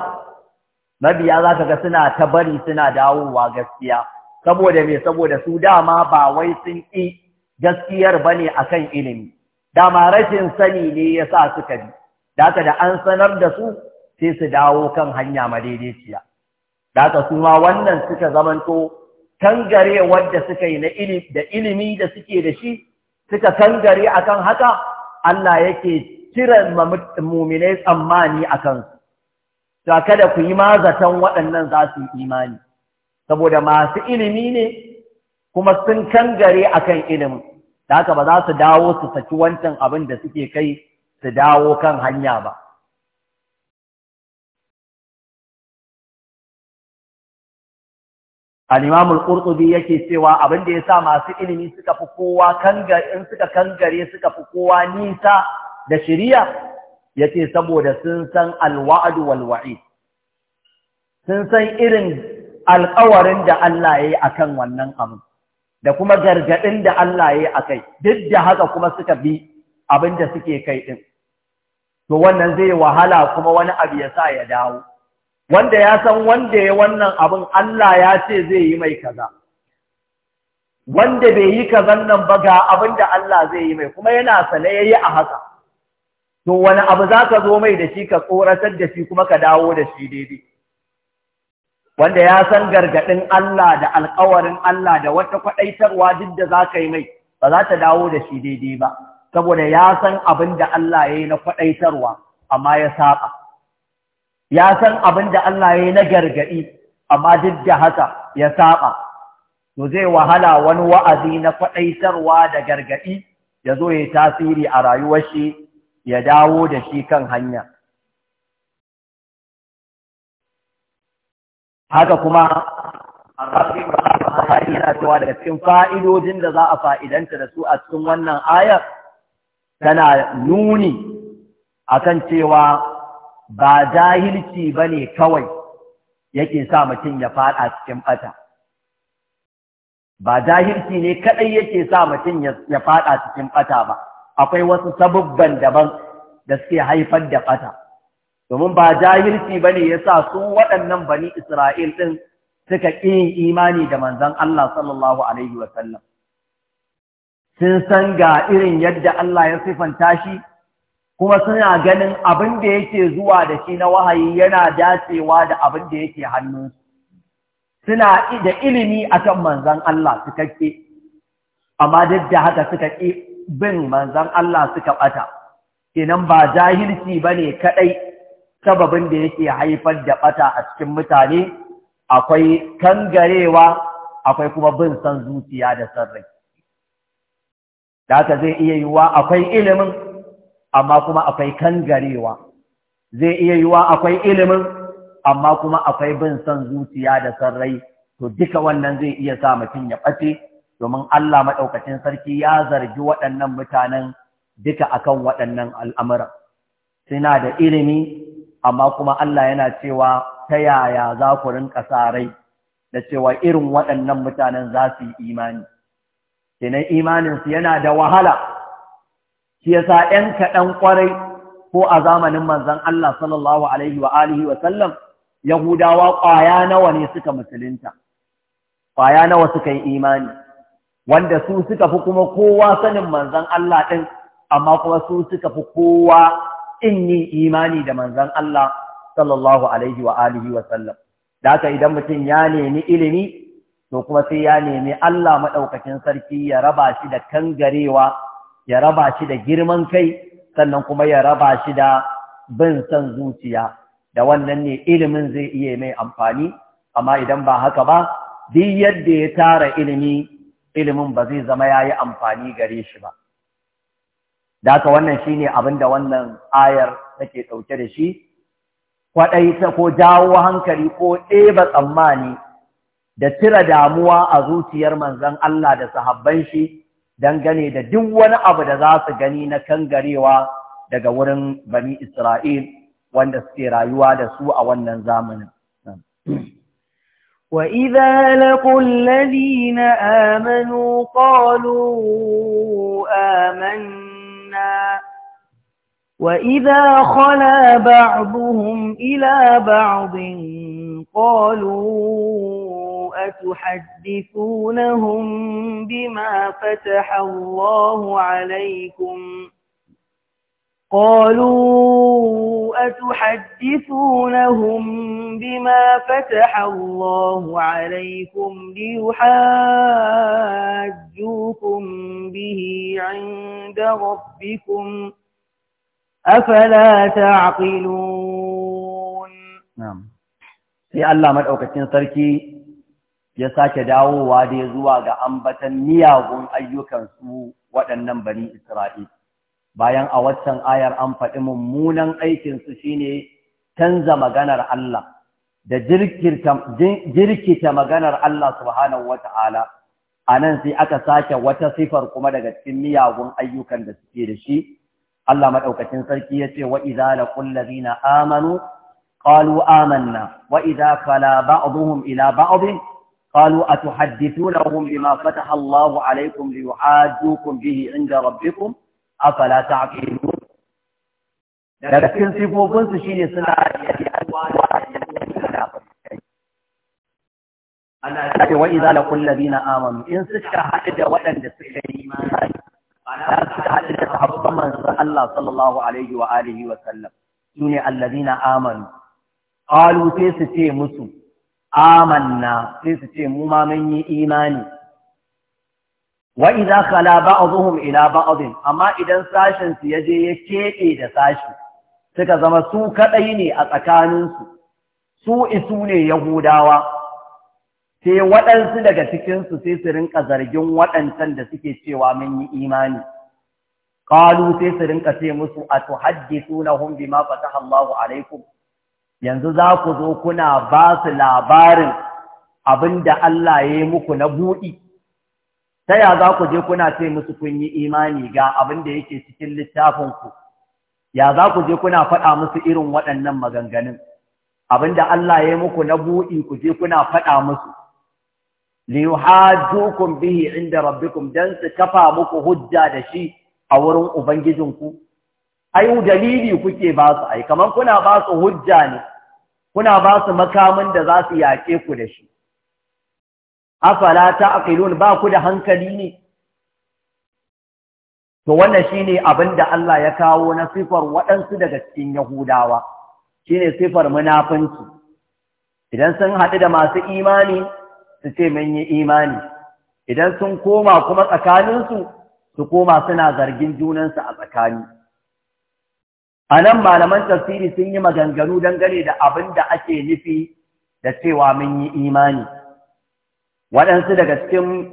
mabiya za ka ga suna ta bari suna dawowa gaskiya saboda me saboda su dama ba wai sun ki gaskiyar bane akan ilimi dama rashin sani ne yasa suka bi da da an sanar da su sai su dawo kan hanya madaidaiciya da su ma wannan suka zamanto Tangare wadda suka yi da ilimi da suke da shi suka a akan haka Allah yake cire mu'minai tsammani akan su ta kada ku yi mazatan waɗannan za su yi imani saboda masu ilimi ne kuma sun a akan ilimin da haka ba za su dawo su saki wancan abin da suke kai su dawo kan hanya ba alimamul imam al-qurtubi yake cewa abin da yasa masu ilimi suka fi kowa in suka kangare suka fi kowa nisa da shari'a yace saboda sun san al-wa'd sun san irin alƙawarin da Allah yayi akan wannan abu da kuma gargadin da Allah yayi akai duk da haka kuma suka bi abin da suke kai ɗin, to wannan zai wahala kuma wani abu ya sa ya dawo wanda ya san wanda ya wannan abin Allah ya ce zai yi mai kaza wanda bai yi kazan nan ba ga abin da Allah zai yi mai kuma yana sane ya yi a haka to wani abu za ka zo mai da shi ka tsoratar da shi kuma ka dawo da shi daidai wanda ya san gargaɗin Allah da alkawarin Allah da wata kwaɗaitarwa duk da za ka yi mai ba za ta dawo da shi daidai ba saboda ya san abin da Allah ya yi na kwaɗaitarwa amma ya saba ya san abin da Allah ya yi na gargaɗi amma duk da haka ya saɓa, to zai wahala wani wa'azi na faɗaitarwa da gargaɗi ya zo ya tasiri a rayuwar shi ya dawo da shi kan hanya haka kuma a yana cewa daga cikin fa'idojin da za a fa'idanta da su a cikin wannan ayar tana nuni a kan cewa ba jahilci ba ne kawai yake sa mutum ya fada cikin ɓata. Ba jahilci ne kadai yake sa mutum ya fada cikin ɓata ba, akwai wasu sabubban daban da suke haifar da bata Domin ba jahilci bane ne ya sa su waɗannan bani Isra'il ɗin suka ƙi imani da manzon Allah sallallahu Alaihi wasallam. Sun san ga irin yadda Allah ya sifanta shi kuma suna ganin abin da yake zuwa da shi na wahayi yana dacewa da abin da yake hannunsu suna da ilimi akan manzan Allah ke amma duk da haka suka ƙi bin manzan Allah suka ɓata kenan ba jahilci ba ne kaɗai sababin da yake haifar da ɓata a cikin mutane akwai kangarewa akwai kuma bin san zuciya da sarrai da haka zai iya yiwuwa akwai ilimin amma kuma akwai kangarewa zai iya yiwa akwai ilimin amma kuma akwai bin son zuciya da son to duka wannan zai iya sa mutum ya ɓace domin Allah maɗaukacin sarki ya zargi waɗannan mutanen duka akan waɗannan al'amuran suna da ilimi amma kuma Allah yana cewa ta yaya za ku rinka sa rai da cewa irin waɗannan mutanen za su yi imani kenan imaninsu yana da wahala shi yasa ɗan kaɗan ƙwarai ko a zamanin manzon Allah sallallahu alaihi wa alihi wa sallam Yahudawa ƙwaya nawa ne suka musulunta ƙwaya nawa suka yi imani wanda su suka fi kuma kowa sanin manzon Allah ɗin amma kuma su suka fi kowa in yi imani da manzon Allah sallallahu alaihi wa alihi wa sallam da idan mutum ya nemi ilimi to kuma sai ya nemi Allah maɗaukakin sarki ya raba shi da kangarewa ya raba shi da girman kai sannan kuma ya raba shi da bin son zuciya da wannan ne ilimin zai iya mai amfani amma idan ba haka ba duk yadda ya tara ilimi ilimin ba zai zama ya yi amfani gare shi ba da haka wannan shi ne abin da wannan ayar take ɗauke da shi kwaɗaita ko jawo hankali ko ɗeba tsammani da cire damuwa a zuciyar manzon Allah da sahabban shi dangane da duk wani abu da za su gani na kangarewa daga wurin bani Isra'il wanda suke rayuwa da su a wannan zamanin. وَإِذَا لَقُوا الَّذِينَ آمَنُوا قَالُوا آمَنَّا وَإِذَا خَلَا بَعْضُهُمْ إِلَى بَعْضٍ قَالُوا أتحدثونهم بما فتح الله عليكم قالوا أتحدثونهم بما فتح الله عليكم ليحاجوكم به عند ربكم أفلا تعقلون نعم sai Allah madaukakin sarki ya sake dawowa dai zuwa ga ambatan miyagun ayyukan su waɗannan bani Isra'il. Bayan a waccan ayar an faɗi mummunan aikinsu shine canza maganar Allah da jirkita maganar Allah subhanahu wa ta'ala, a nan sai aka sake wata sifar kuma daga cikin miyagun ayyukan da suke da shi. Allah maɗaukacin sarki ya ce, wa'iza da kullari na amanu, ƙalu amanna, wa'iza kala ba'aduhum ila ba'adun, قالوا أتحدثونهم بما فتح الله عليكم ليحاجوكم به عند ربكم أفلا تعقلون daga cikin sifofinsu shi ne suna ana ce wa idza laqul ladina amanu in suka haɗu da waɗanda suka yi imani ana suka haɗu da sahabban manzon Allah sallallahu alaihi wa amanu qalu sai su ce musu amanna sai su ce mu ma mun yi imani wa idza khala ba'dhum ila ba'd amma idan sashin su yaje ya kebe da sashi suka zama su kadai ne a tsakanin su su isu ne yahudawa sai waɗansu daga cikin su sai su rinka zargin waɗancan da suke cewa mun yi imani qalu sai su rinka ce musu atuhaddithunahum bima fataha Allahu alaikum yanzu za ku zo kuna ba su labarin abin da Allah ya yi muku na buɗi, ta ya za ku je kuna ce musu kun yi imani ga abin da yake cikin littafinku, ya za ku je kuna faɗa musu irin waɗannan maganganun, abin da Allah ya yi muku na buɗi ku je kuna faɗa musu. Liyuhajjukum bihi inda rabbikum dan su kafa muku hujja da shi a wurin Ubangijinku, ai dalili kuke ba su ai, kamar kuna ba su hujja ne. kuna ba su makamin da za su yaƙe ku da shi afala aƙilun ba ku da hankali ne to wannan shine abin da Allah ya kawo na sifar waɗansu daga cikin Yahudawa Shi ne sifar munafunci idan sun haɗu da masu imani su ce mun yi imani idan sun koma kuma tsakaninsu su koma suna zargin junansu a tsakani a nan malaman tafsiri sun yi maganganu dangane da abin da ake nufi da cewa mun yi imani waɗansu daga cikin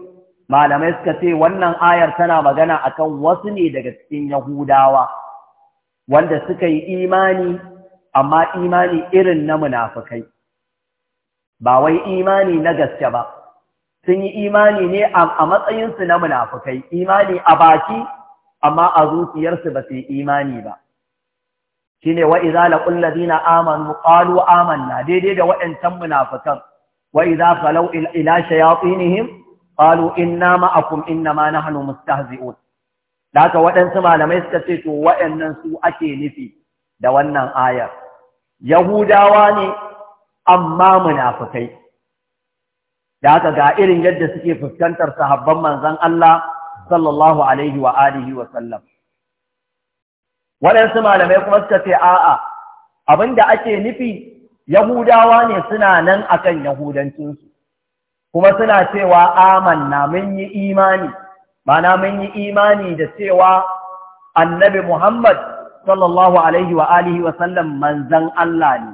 malamai suka ce wannan ayar tana magana akan wasu ne daga cikin yahudawa wanda suka yi imani amma imani irin na munafukai ba wai imani na gaske ba sun yi imani ne a matsayinsu na munafukai imani a baki amma a zuciyarsu ba su yi imani ba shine wa idza laqul ladina amanu qalu amanna daidai da waɗancan munafikan wa idza falau ila shayatinihim qalu inna ma'akum inna nahnu mustahzi'un da haka waɗansu malamai suka ce to waɗannan su ake nufi da wannan ayar yahudawa ne amma munafikai da ga irin yadda suke fuskantar sahabban manzon Allah sallallahu alaihi wa alihi wa sallam waɗansu malamai kuma suka ce a'a abinda ake nufi yahudawa ne suna nan akan yahudancinsu kuma suna cewa amanna mun yi imani mana mun yi imani da cewa annabi Muhammad sallallahu alaihi wa alihi wa sallam manzan Allah ne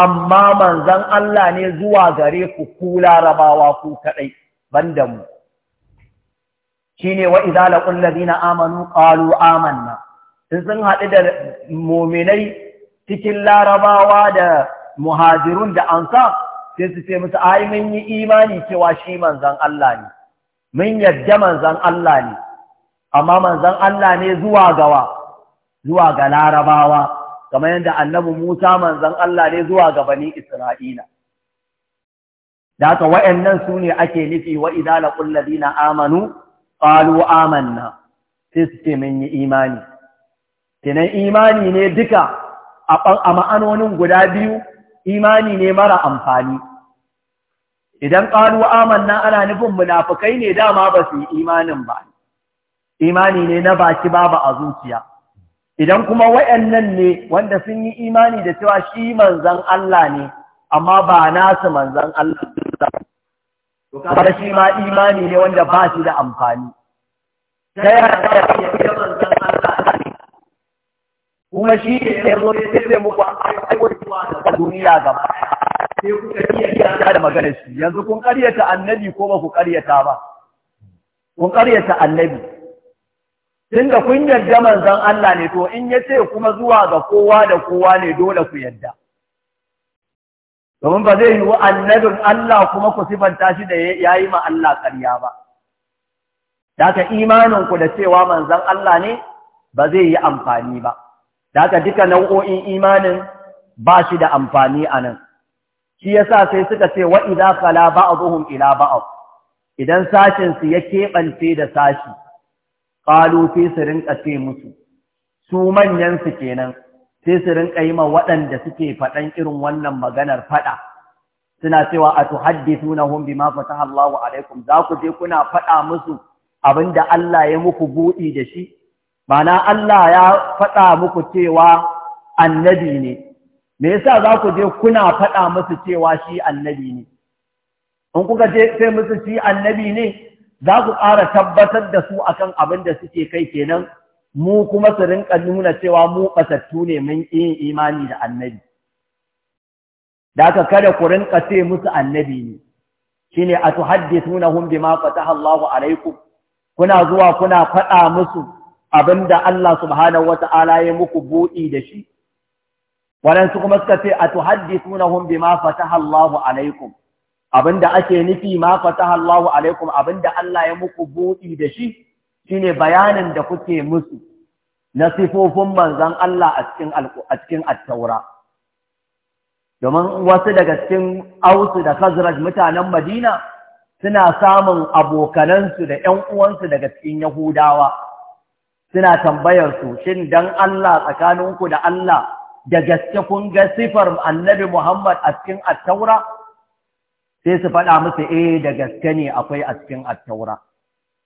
amma manzan Allah ne zuwa gare ku ku larabawa ku kadai banda mu shine wa idza laqul ladina amanu qalu amanna sun haɗu da muminai cikin larabawa da muhajirun da ansa sai su ce musu ai mun yi imani cewa shi manzan Allah ne mun yadda manzan Allah ne amma manzan Allah ne zuwa gawa zuwa ga larabawa kamar yadda annabi Musa manzan Allah ne zuwa ga bani Isra'ila da haka wa'annan su ne ake nufi wa idza laqul ladina amanu qalu amanna sai su ce mun yi imani kenan imani ne duka a ma'anonin guda biyu imani ne mara amfani idan ƙaru amanna ana nufin munafukai ne dama ba su yi imanin ba imani ne na baki babu a zuciya idan kuma wayannan ne wanda sun yi imani da cewa shi manzan Allah ne amma ba nasu manzan Allah sun to Ba shi ma imani ne wanda ba shi da amfani sai kuma shi ne ya zo ya tsirre muku aiwatuwa da duniya gaba sai kuka iya da magana shi yanzu kun karyata annabi ko ba ku karyata ba kun karyata annabi tun da kun yarda manzon Allah ne to in ya ce kuma zuwa ga kowa da kowa ne dole ku yarda domin ba zai yi annabin Allah kuma ku sifanta shi da ya yi ma Allah karya ba da ka imaninku da cewa manzon Allah ne ba zai yi amfani ba da haka duka nau'o'in imanin ba shi da amfani a nan shi yasa sai suka ce wa ba a ba'dhum ila ba'd idan sashen su ya keɓance da sashi ƙalufi su rinka ce musu su manyan su kenan sai su rinka yi ma waɗanda suke faɗan irin wannan maganar faɗa suna cewa a tuhaddithunahum bima fataha Allahu alaikum za ku je kuna faɗa musu abinda Allah ya muku buɗi da shi Mana Allah ya faɗa muku cewa annabi ne, me yasa za ku je kuna faɗa musu cewa shi annabi ne, in kuka je sai musu shi annabi ne za ku ƙara tabbatar da su akan abin da suke kai kenan mu kuma su rinka nuna cewa mu ɓasattu ne mun yin imani da annabi. Da aka kada ku rinka ce musu annabi ne, shi ne a tuhaddi suna hun bi ma fataha Allahu alaikum, kuna zuwa kuna faɗa musu Abin da Allah subhanahu Ta'ala ya muku buɗi da shi waɗansu kuma suka ce a tuhaddithunahum bima fataha Allahu alaikum Abin da ake nufi ma fataha Allahu alaikum da Allah ya muku buɗi da shi shine bayanin da kuke musu na sifofin manzon Allah a cikin a taura domin wasu daga cikin ausu da khazraj mutanen Madina suna samun abokanansu da 'yan uwansu daga cikin Yahudawa suna tambayar su shin dan Allah tsakaninku da Allah da gaske kun ga sifar annabi Muhammad a cikin attaura sai su faɗa musu eh da gaske ne akwai a cikin attaura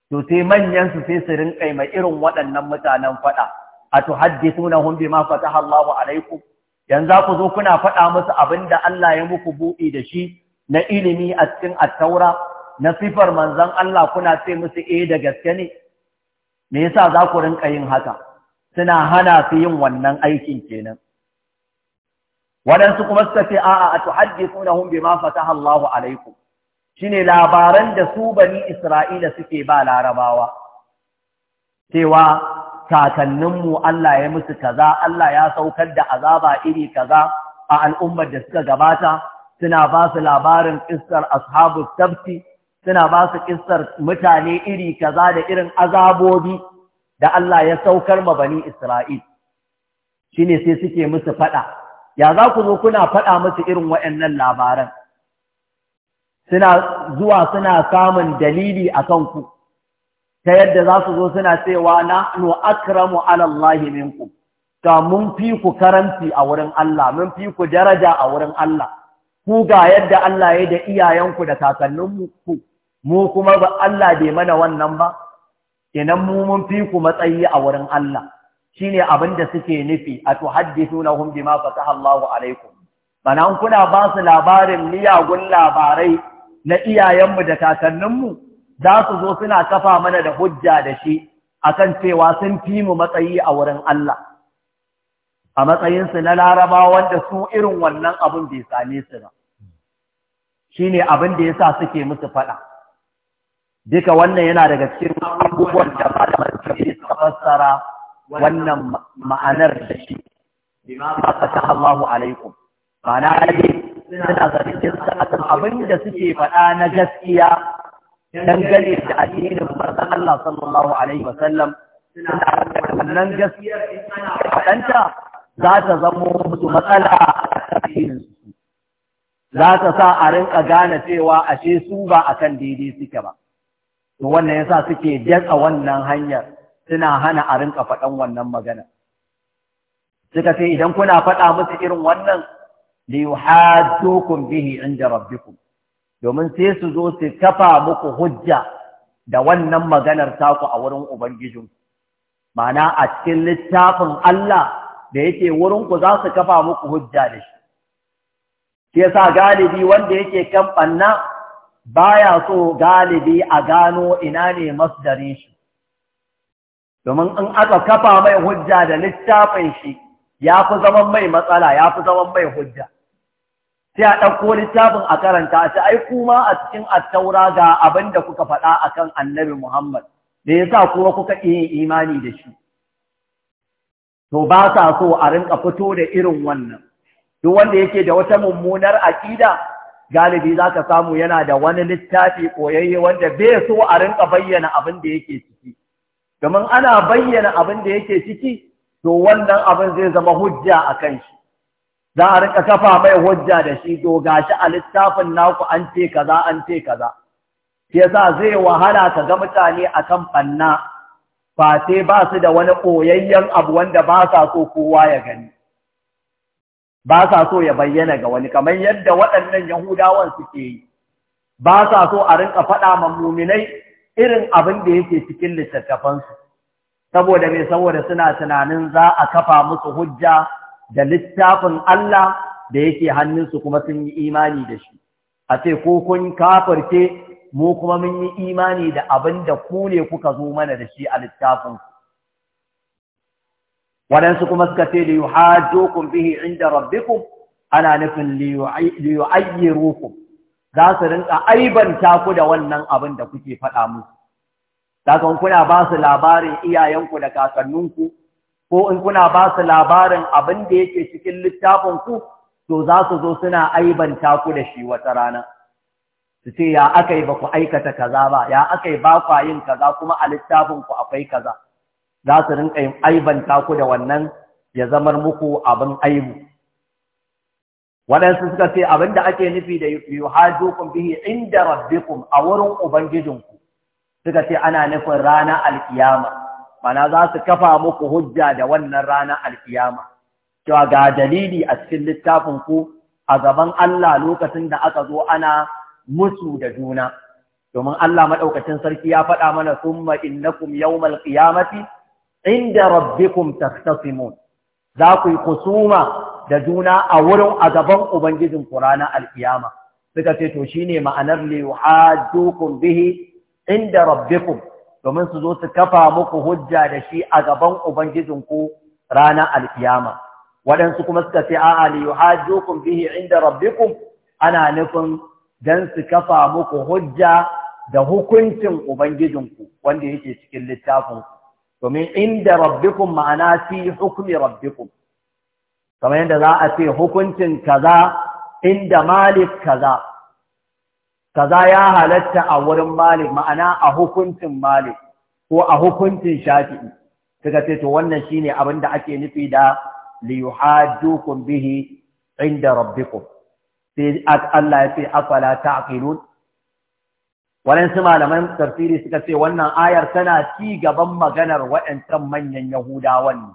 to sai manyan su sai su rinka mai irin waɗannan mutanen faɗa a tuhaddisunahum bima fataha Allahu alaikum yanzu ku zo kuna faɗa musu abinda Allah ya muku buɗe da shi na ilimi a cikin attaura na sifar manzon Allah kuna ce musu eh da gaske ne me yasa za ku rinka yin haka suna hana su yin wannan aikin kenan waɗansu kuma suka ce a'a a tuhaddithunahum bima fataha Allahu alaikum shine labaran da su bani Isra'ila suke ba larabawa cewa mu Allah ya musu kaza, Allah ya saukar da azaba iri kaza a al'ummar da suka gabata, suna ba su labarin ƙistar ashabu tabti suna ba su kistar mutane iri kaza da irin azabobi da Allah ya saukar ma bani Isra'il shine sai suke musu faɗa. ya za ku zo kuna faɗa musu irin waɗannan labaran suna zuwa suna samun dalili akan ku ta yadda za su zo suna cewa na nahnu akramu ala Allah minkum ta mun fi ku karanti a wurin Allah mun fi ku daraja a wurin Allah ku ga yadda Allah ya da iyayenku da kakanninku mu kuma ba Allah bai mana wannan ba kenan mu mun fi ku matsayi a wurin Allah shine abin da suke nufi a tuhaddithunahum bima fataha Allahu alaikum bana kuna ba su labarin miyagun labarai na iyayenmu da kakanninmu za su zo suna kafa mana da hujja da shi akan cewa sun fi mu matsayi a wurin Allah a matsayinsu na laraba wanda su irin wannan abin bai same su ba shine abin da yasa suke musu faɗa duka wannan yana daga cikin abubuwan da ba da tafsiri suka fassara wannan ma'anar da shi bima fataha Allahu alaikum ma'ana dai suna zargin sa akan abin da suke faɗa na gaskiya dangane da addinin manzon Allah sallallahu alaihi wasallam suna da wannan gaskiya faɗanta za ta zamo musu matsala a cikin za ta sa a rinka gane cewa ashe su ba akan daidai suke ba wannan yasa suke jatsa wannan hanyar suna hana a rinka faɗan wannan magana suka ce idan kuna faɗa musu irin wannan li yuhaddukum bihi inda rabbikum domin sai su zo su kafa muku hujja da wannan maganar taku a wurin ubangijinku ma'ana a cikin littafin Allah da yake wurinku za su kafa muku hujja da shi. Ke sa galibi wanda yake kan ɓanna baya so galibi a gano ina ne masdarin shi domin in aka kafa mai hujja da littafin shi ya fi zaman mai matsala ya fi zaman mai hujja sai a ɗauko littafin a karanta a ce ai kuma a cikin attaura ga abin da kuka faɗa akan annabi Muhammad da ya sa kuma kuka iya imani da shi to ba sa so a rinka fito da irin wannan duk wanda yake da wata mummunar aƙida galibi za ka samu yana da wani littafi koyayye wanda bai so a rinka bayyana abin da yake ciki domin ana bayyana abin da yake ciki to wannan abin zai zama hujja a kan shi za a rinka kafa mai hujja da shi to gashi a littafin naku an ce kaza an ce kaza shi yasa zai wahala ka ga mutane akan fanna. ba sai ba su da wani koyayyen abu wanda ba sa so kowa ya gani ba sa so ya bayyana ga wani kamar yadda waɗannan yahudawan suke yi ba sa so a rinka faɗa ma muminai irin abin da yake cikin littattafansu saboda mai saboda suna tunanin za a kafa musu hujja da littafin Allah da yake hannunsu kuma sun yi imani da shi a ce ko kun kafirce mu kuma mun yi imani da abin da ku ne kuka zo mana da shi a littafinku waɗansu kuma suka ce hajjo kun bihi inda rabbiku ana nufin li yu'ayyirukum za su rinka aibanta ku da wannan abin da kuke faɗa musu in kuna ba su labarin iyayenku da kakanninku ko in kuna ba su labarin abin da yake cikin littafinku to za su zo suna aibanta ku da shi wata rana su ce ya aka yi ba ku aikata kaza ba ya aka yi ba yin kaza kuma a littafin ku akwai kaza za su rinka yin aibanta ku da wannan ya zamar muku abin aibu waɗansu suka ce abin da ake nufi da yuhajukum bihi inda rabbikum a wurin ubangijinku suka ce ana nufin rana alkiyama mana za su kafa muku hujja da wannan rana alkiyama cewa ga dalili a cikin littafin ku a gaban Allah lokacin da aka zo ana musu da juna domin Allah maɗaukacin sarki ya faɗa mana summa innakum yawmal qiyamati inda rabbikum taktasimun za ku yi kusuma da juna a wurin a gaban ubangijin ku ranar suka ce to shine ma'anar li yuhajjukum bihi inda rabbikum domin su zo su kafa muku hujja da shi a gaban ubangijin ku rana alkiyama waɗansu kuma suka ce a'a li yuhajjukum bihi inda rabbikum ana nufin dan su kafa muku hujja da hukuncin ubangijin ku wanda yake cikin littafinku domin inda rabbikum ma'ana fi hukmi rabbikum Kama yadda za a ce hukuncin kaza inda malik kaza kaza ya halatta a wurin malik ma'ana a hukuncin malik ko a hukuncin shafi'i suka ce to wannan shine abin da ake nufi da liyuhajjukum bihi inda rabbikum sai Allah ya ce afala ta'qilun waɗansu malaman tafsiri suka ce wannan ayar tana ci gaban maganar waɗancan manyan yahudawan ne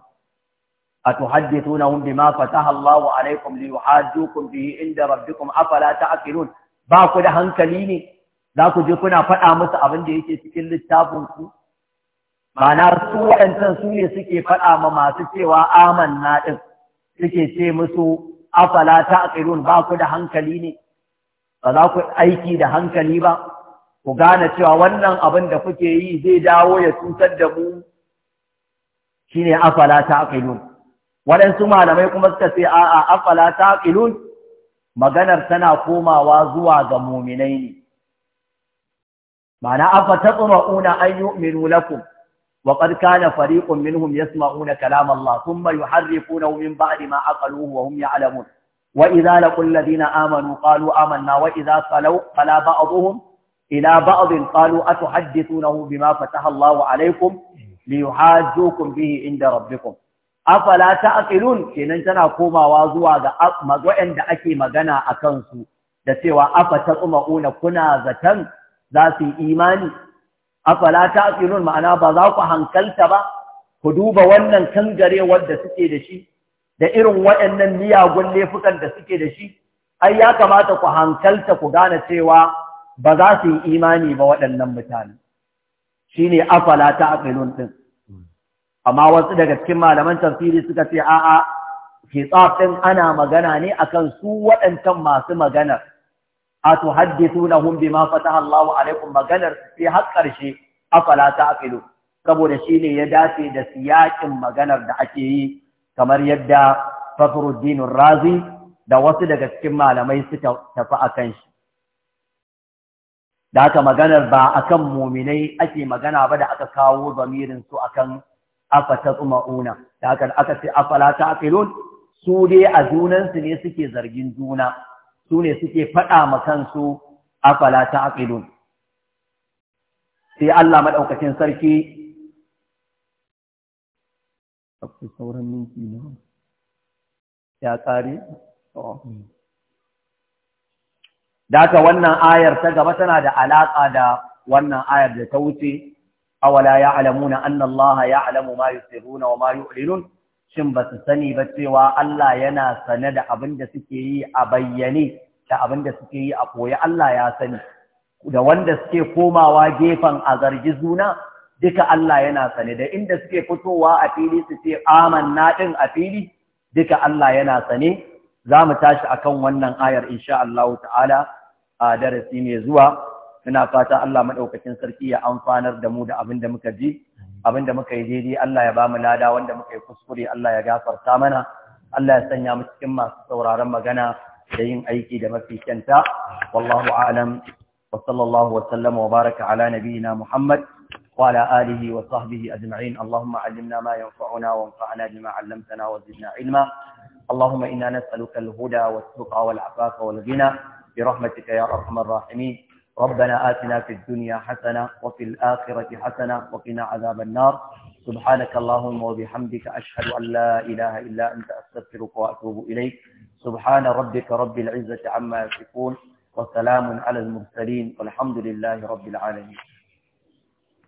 a tuhaddithunahum bima fataha Allahu alaikum liyuhajjukum bihi inda rabbikum afala ta'qilun ba ku da hankali ne za ku je kuna faɗa musu abin da yake cikin littafin ku ma'ana su waɗancan su ne suke faɗa ma masu cewa amanna ɗin suke ce musu afala ta'qilun ba ku da hankali ne ba za ku aiki da hankali ba ku gane cewa wannan abin da kuke yi zai dawo ya cutar da mu shine afala taqilun waɗansu malamai kuma suka ce a'a afala taqilun maganar tana komawa zuwa ga muminai ne ma'ana afa tatma'una an yu'minu lakum wa qad kana fariqun minhum yasma'una kalam Allah thumma yuharrifunahu min ba'di ma aqaluhu wa hum ya'lamun wa idza laqul ladina amanu qalu amanna wa idza salaw qala ba'dhum ila ba'dhin qalu atuhaddithunahu bima fataha Allahu alaikum liyuhajjukum bihi inda rabbikum afala ta'qilun kenan tana komawa zuwa ga wa'anda ake magana a kansu da cewa afata umauna kuna zatan za su yi imani afala ta'qilun ma'ana ba za ku hankalta ba ku duba wannan kangare wanda suke da shi da irin waɗannan miyagun laifukan da suke da shi ai ya kamata ku hankalta ku gane cewa ba za su yi imani ba waɗannan mutane Shi ne afala ta aqilun ɗin amma wasu daga cikin malaman tafsiri suka ce a'a hitsaf ɗin ana magana ne akan su waɗancan masu maganar a ma bima fataha Allahu alaikum maganar sai har ƙarshe afala ta aqilu saboda shi ne ya dace da siyakin maganar da ake yi kamar yadda Fakhruddin Razi da wasu daga cikin malamai suka tafi akan shi da haka maganar ba akan muminai ake magana ba da aka kawo zamirin su akan afa ta tsuma'una da haka aka ce afala ta aqilun su dai a junansu ne suke zargin juna su ne suke faɗa ma kansu afala ta aqilun sai Allah madaukakin sarki ya Daka wannan ayar ta gaba tana da alaƙa da wannan ayar da ta wuce, awala ya alamuna an Allah ya alamu ma yusiruna wa ma shin ba su sani ba cewa Allah yana sane da abin da suke yi a bayyane da abin da suke yi a koyi Allah ya sani da wanda suke komawa gefen a zargi zuna duka Allah yana sane da inda suke fitowa a fili su ce amanna a fili duka Allah yana sane za mu tashi akan wannan ayar insha Allah ta'ala a darasi mai zuwa ina fata Allah madaukakin sarki ya amfanar da mu da abin da muka ji abin da muka yi daidai Allah ya ba mu lada wanda muka yi kuskure Allah ya gafarta mana Allah ya sanya mu cikin masu sauraron magana da yin aiki da mafi kyanta wallahu a'lam wa sallallahu wa sallama wa baraka ala nabiyyina Muhammad wa ala alihi wa sahbihi ajma'in Allahumma allimna ma yanfa'una wa anfa'na bima 'allamtana wa zidna ilma اللهم إنا نسألك الهدى والتقى والعفاف والغنى برحمتك يا أرحم الراحمين ربنا آتنا في الدنيا حسنة وفي الآخرة حسنة وقنا عذاب النار سبحانك اللهم وبحمدك أشهد أن لا إله إلا أنت أستغفرك وأتوب إليك سبحان ربك رب العزة عما يصفون وسلام على المرسلين والحمد لله رب العالمين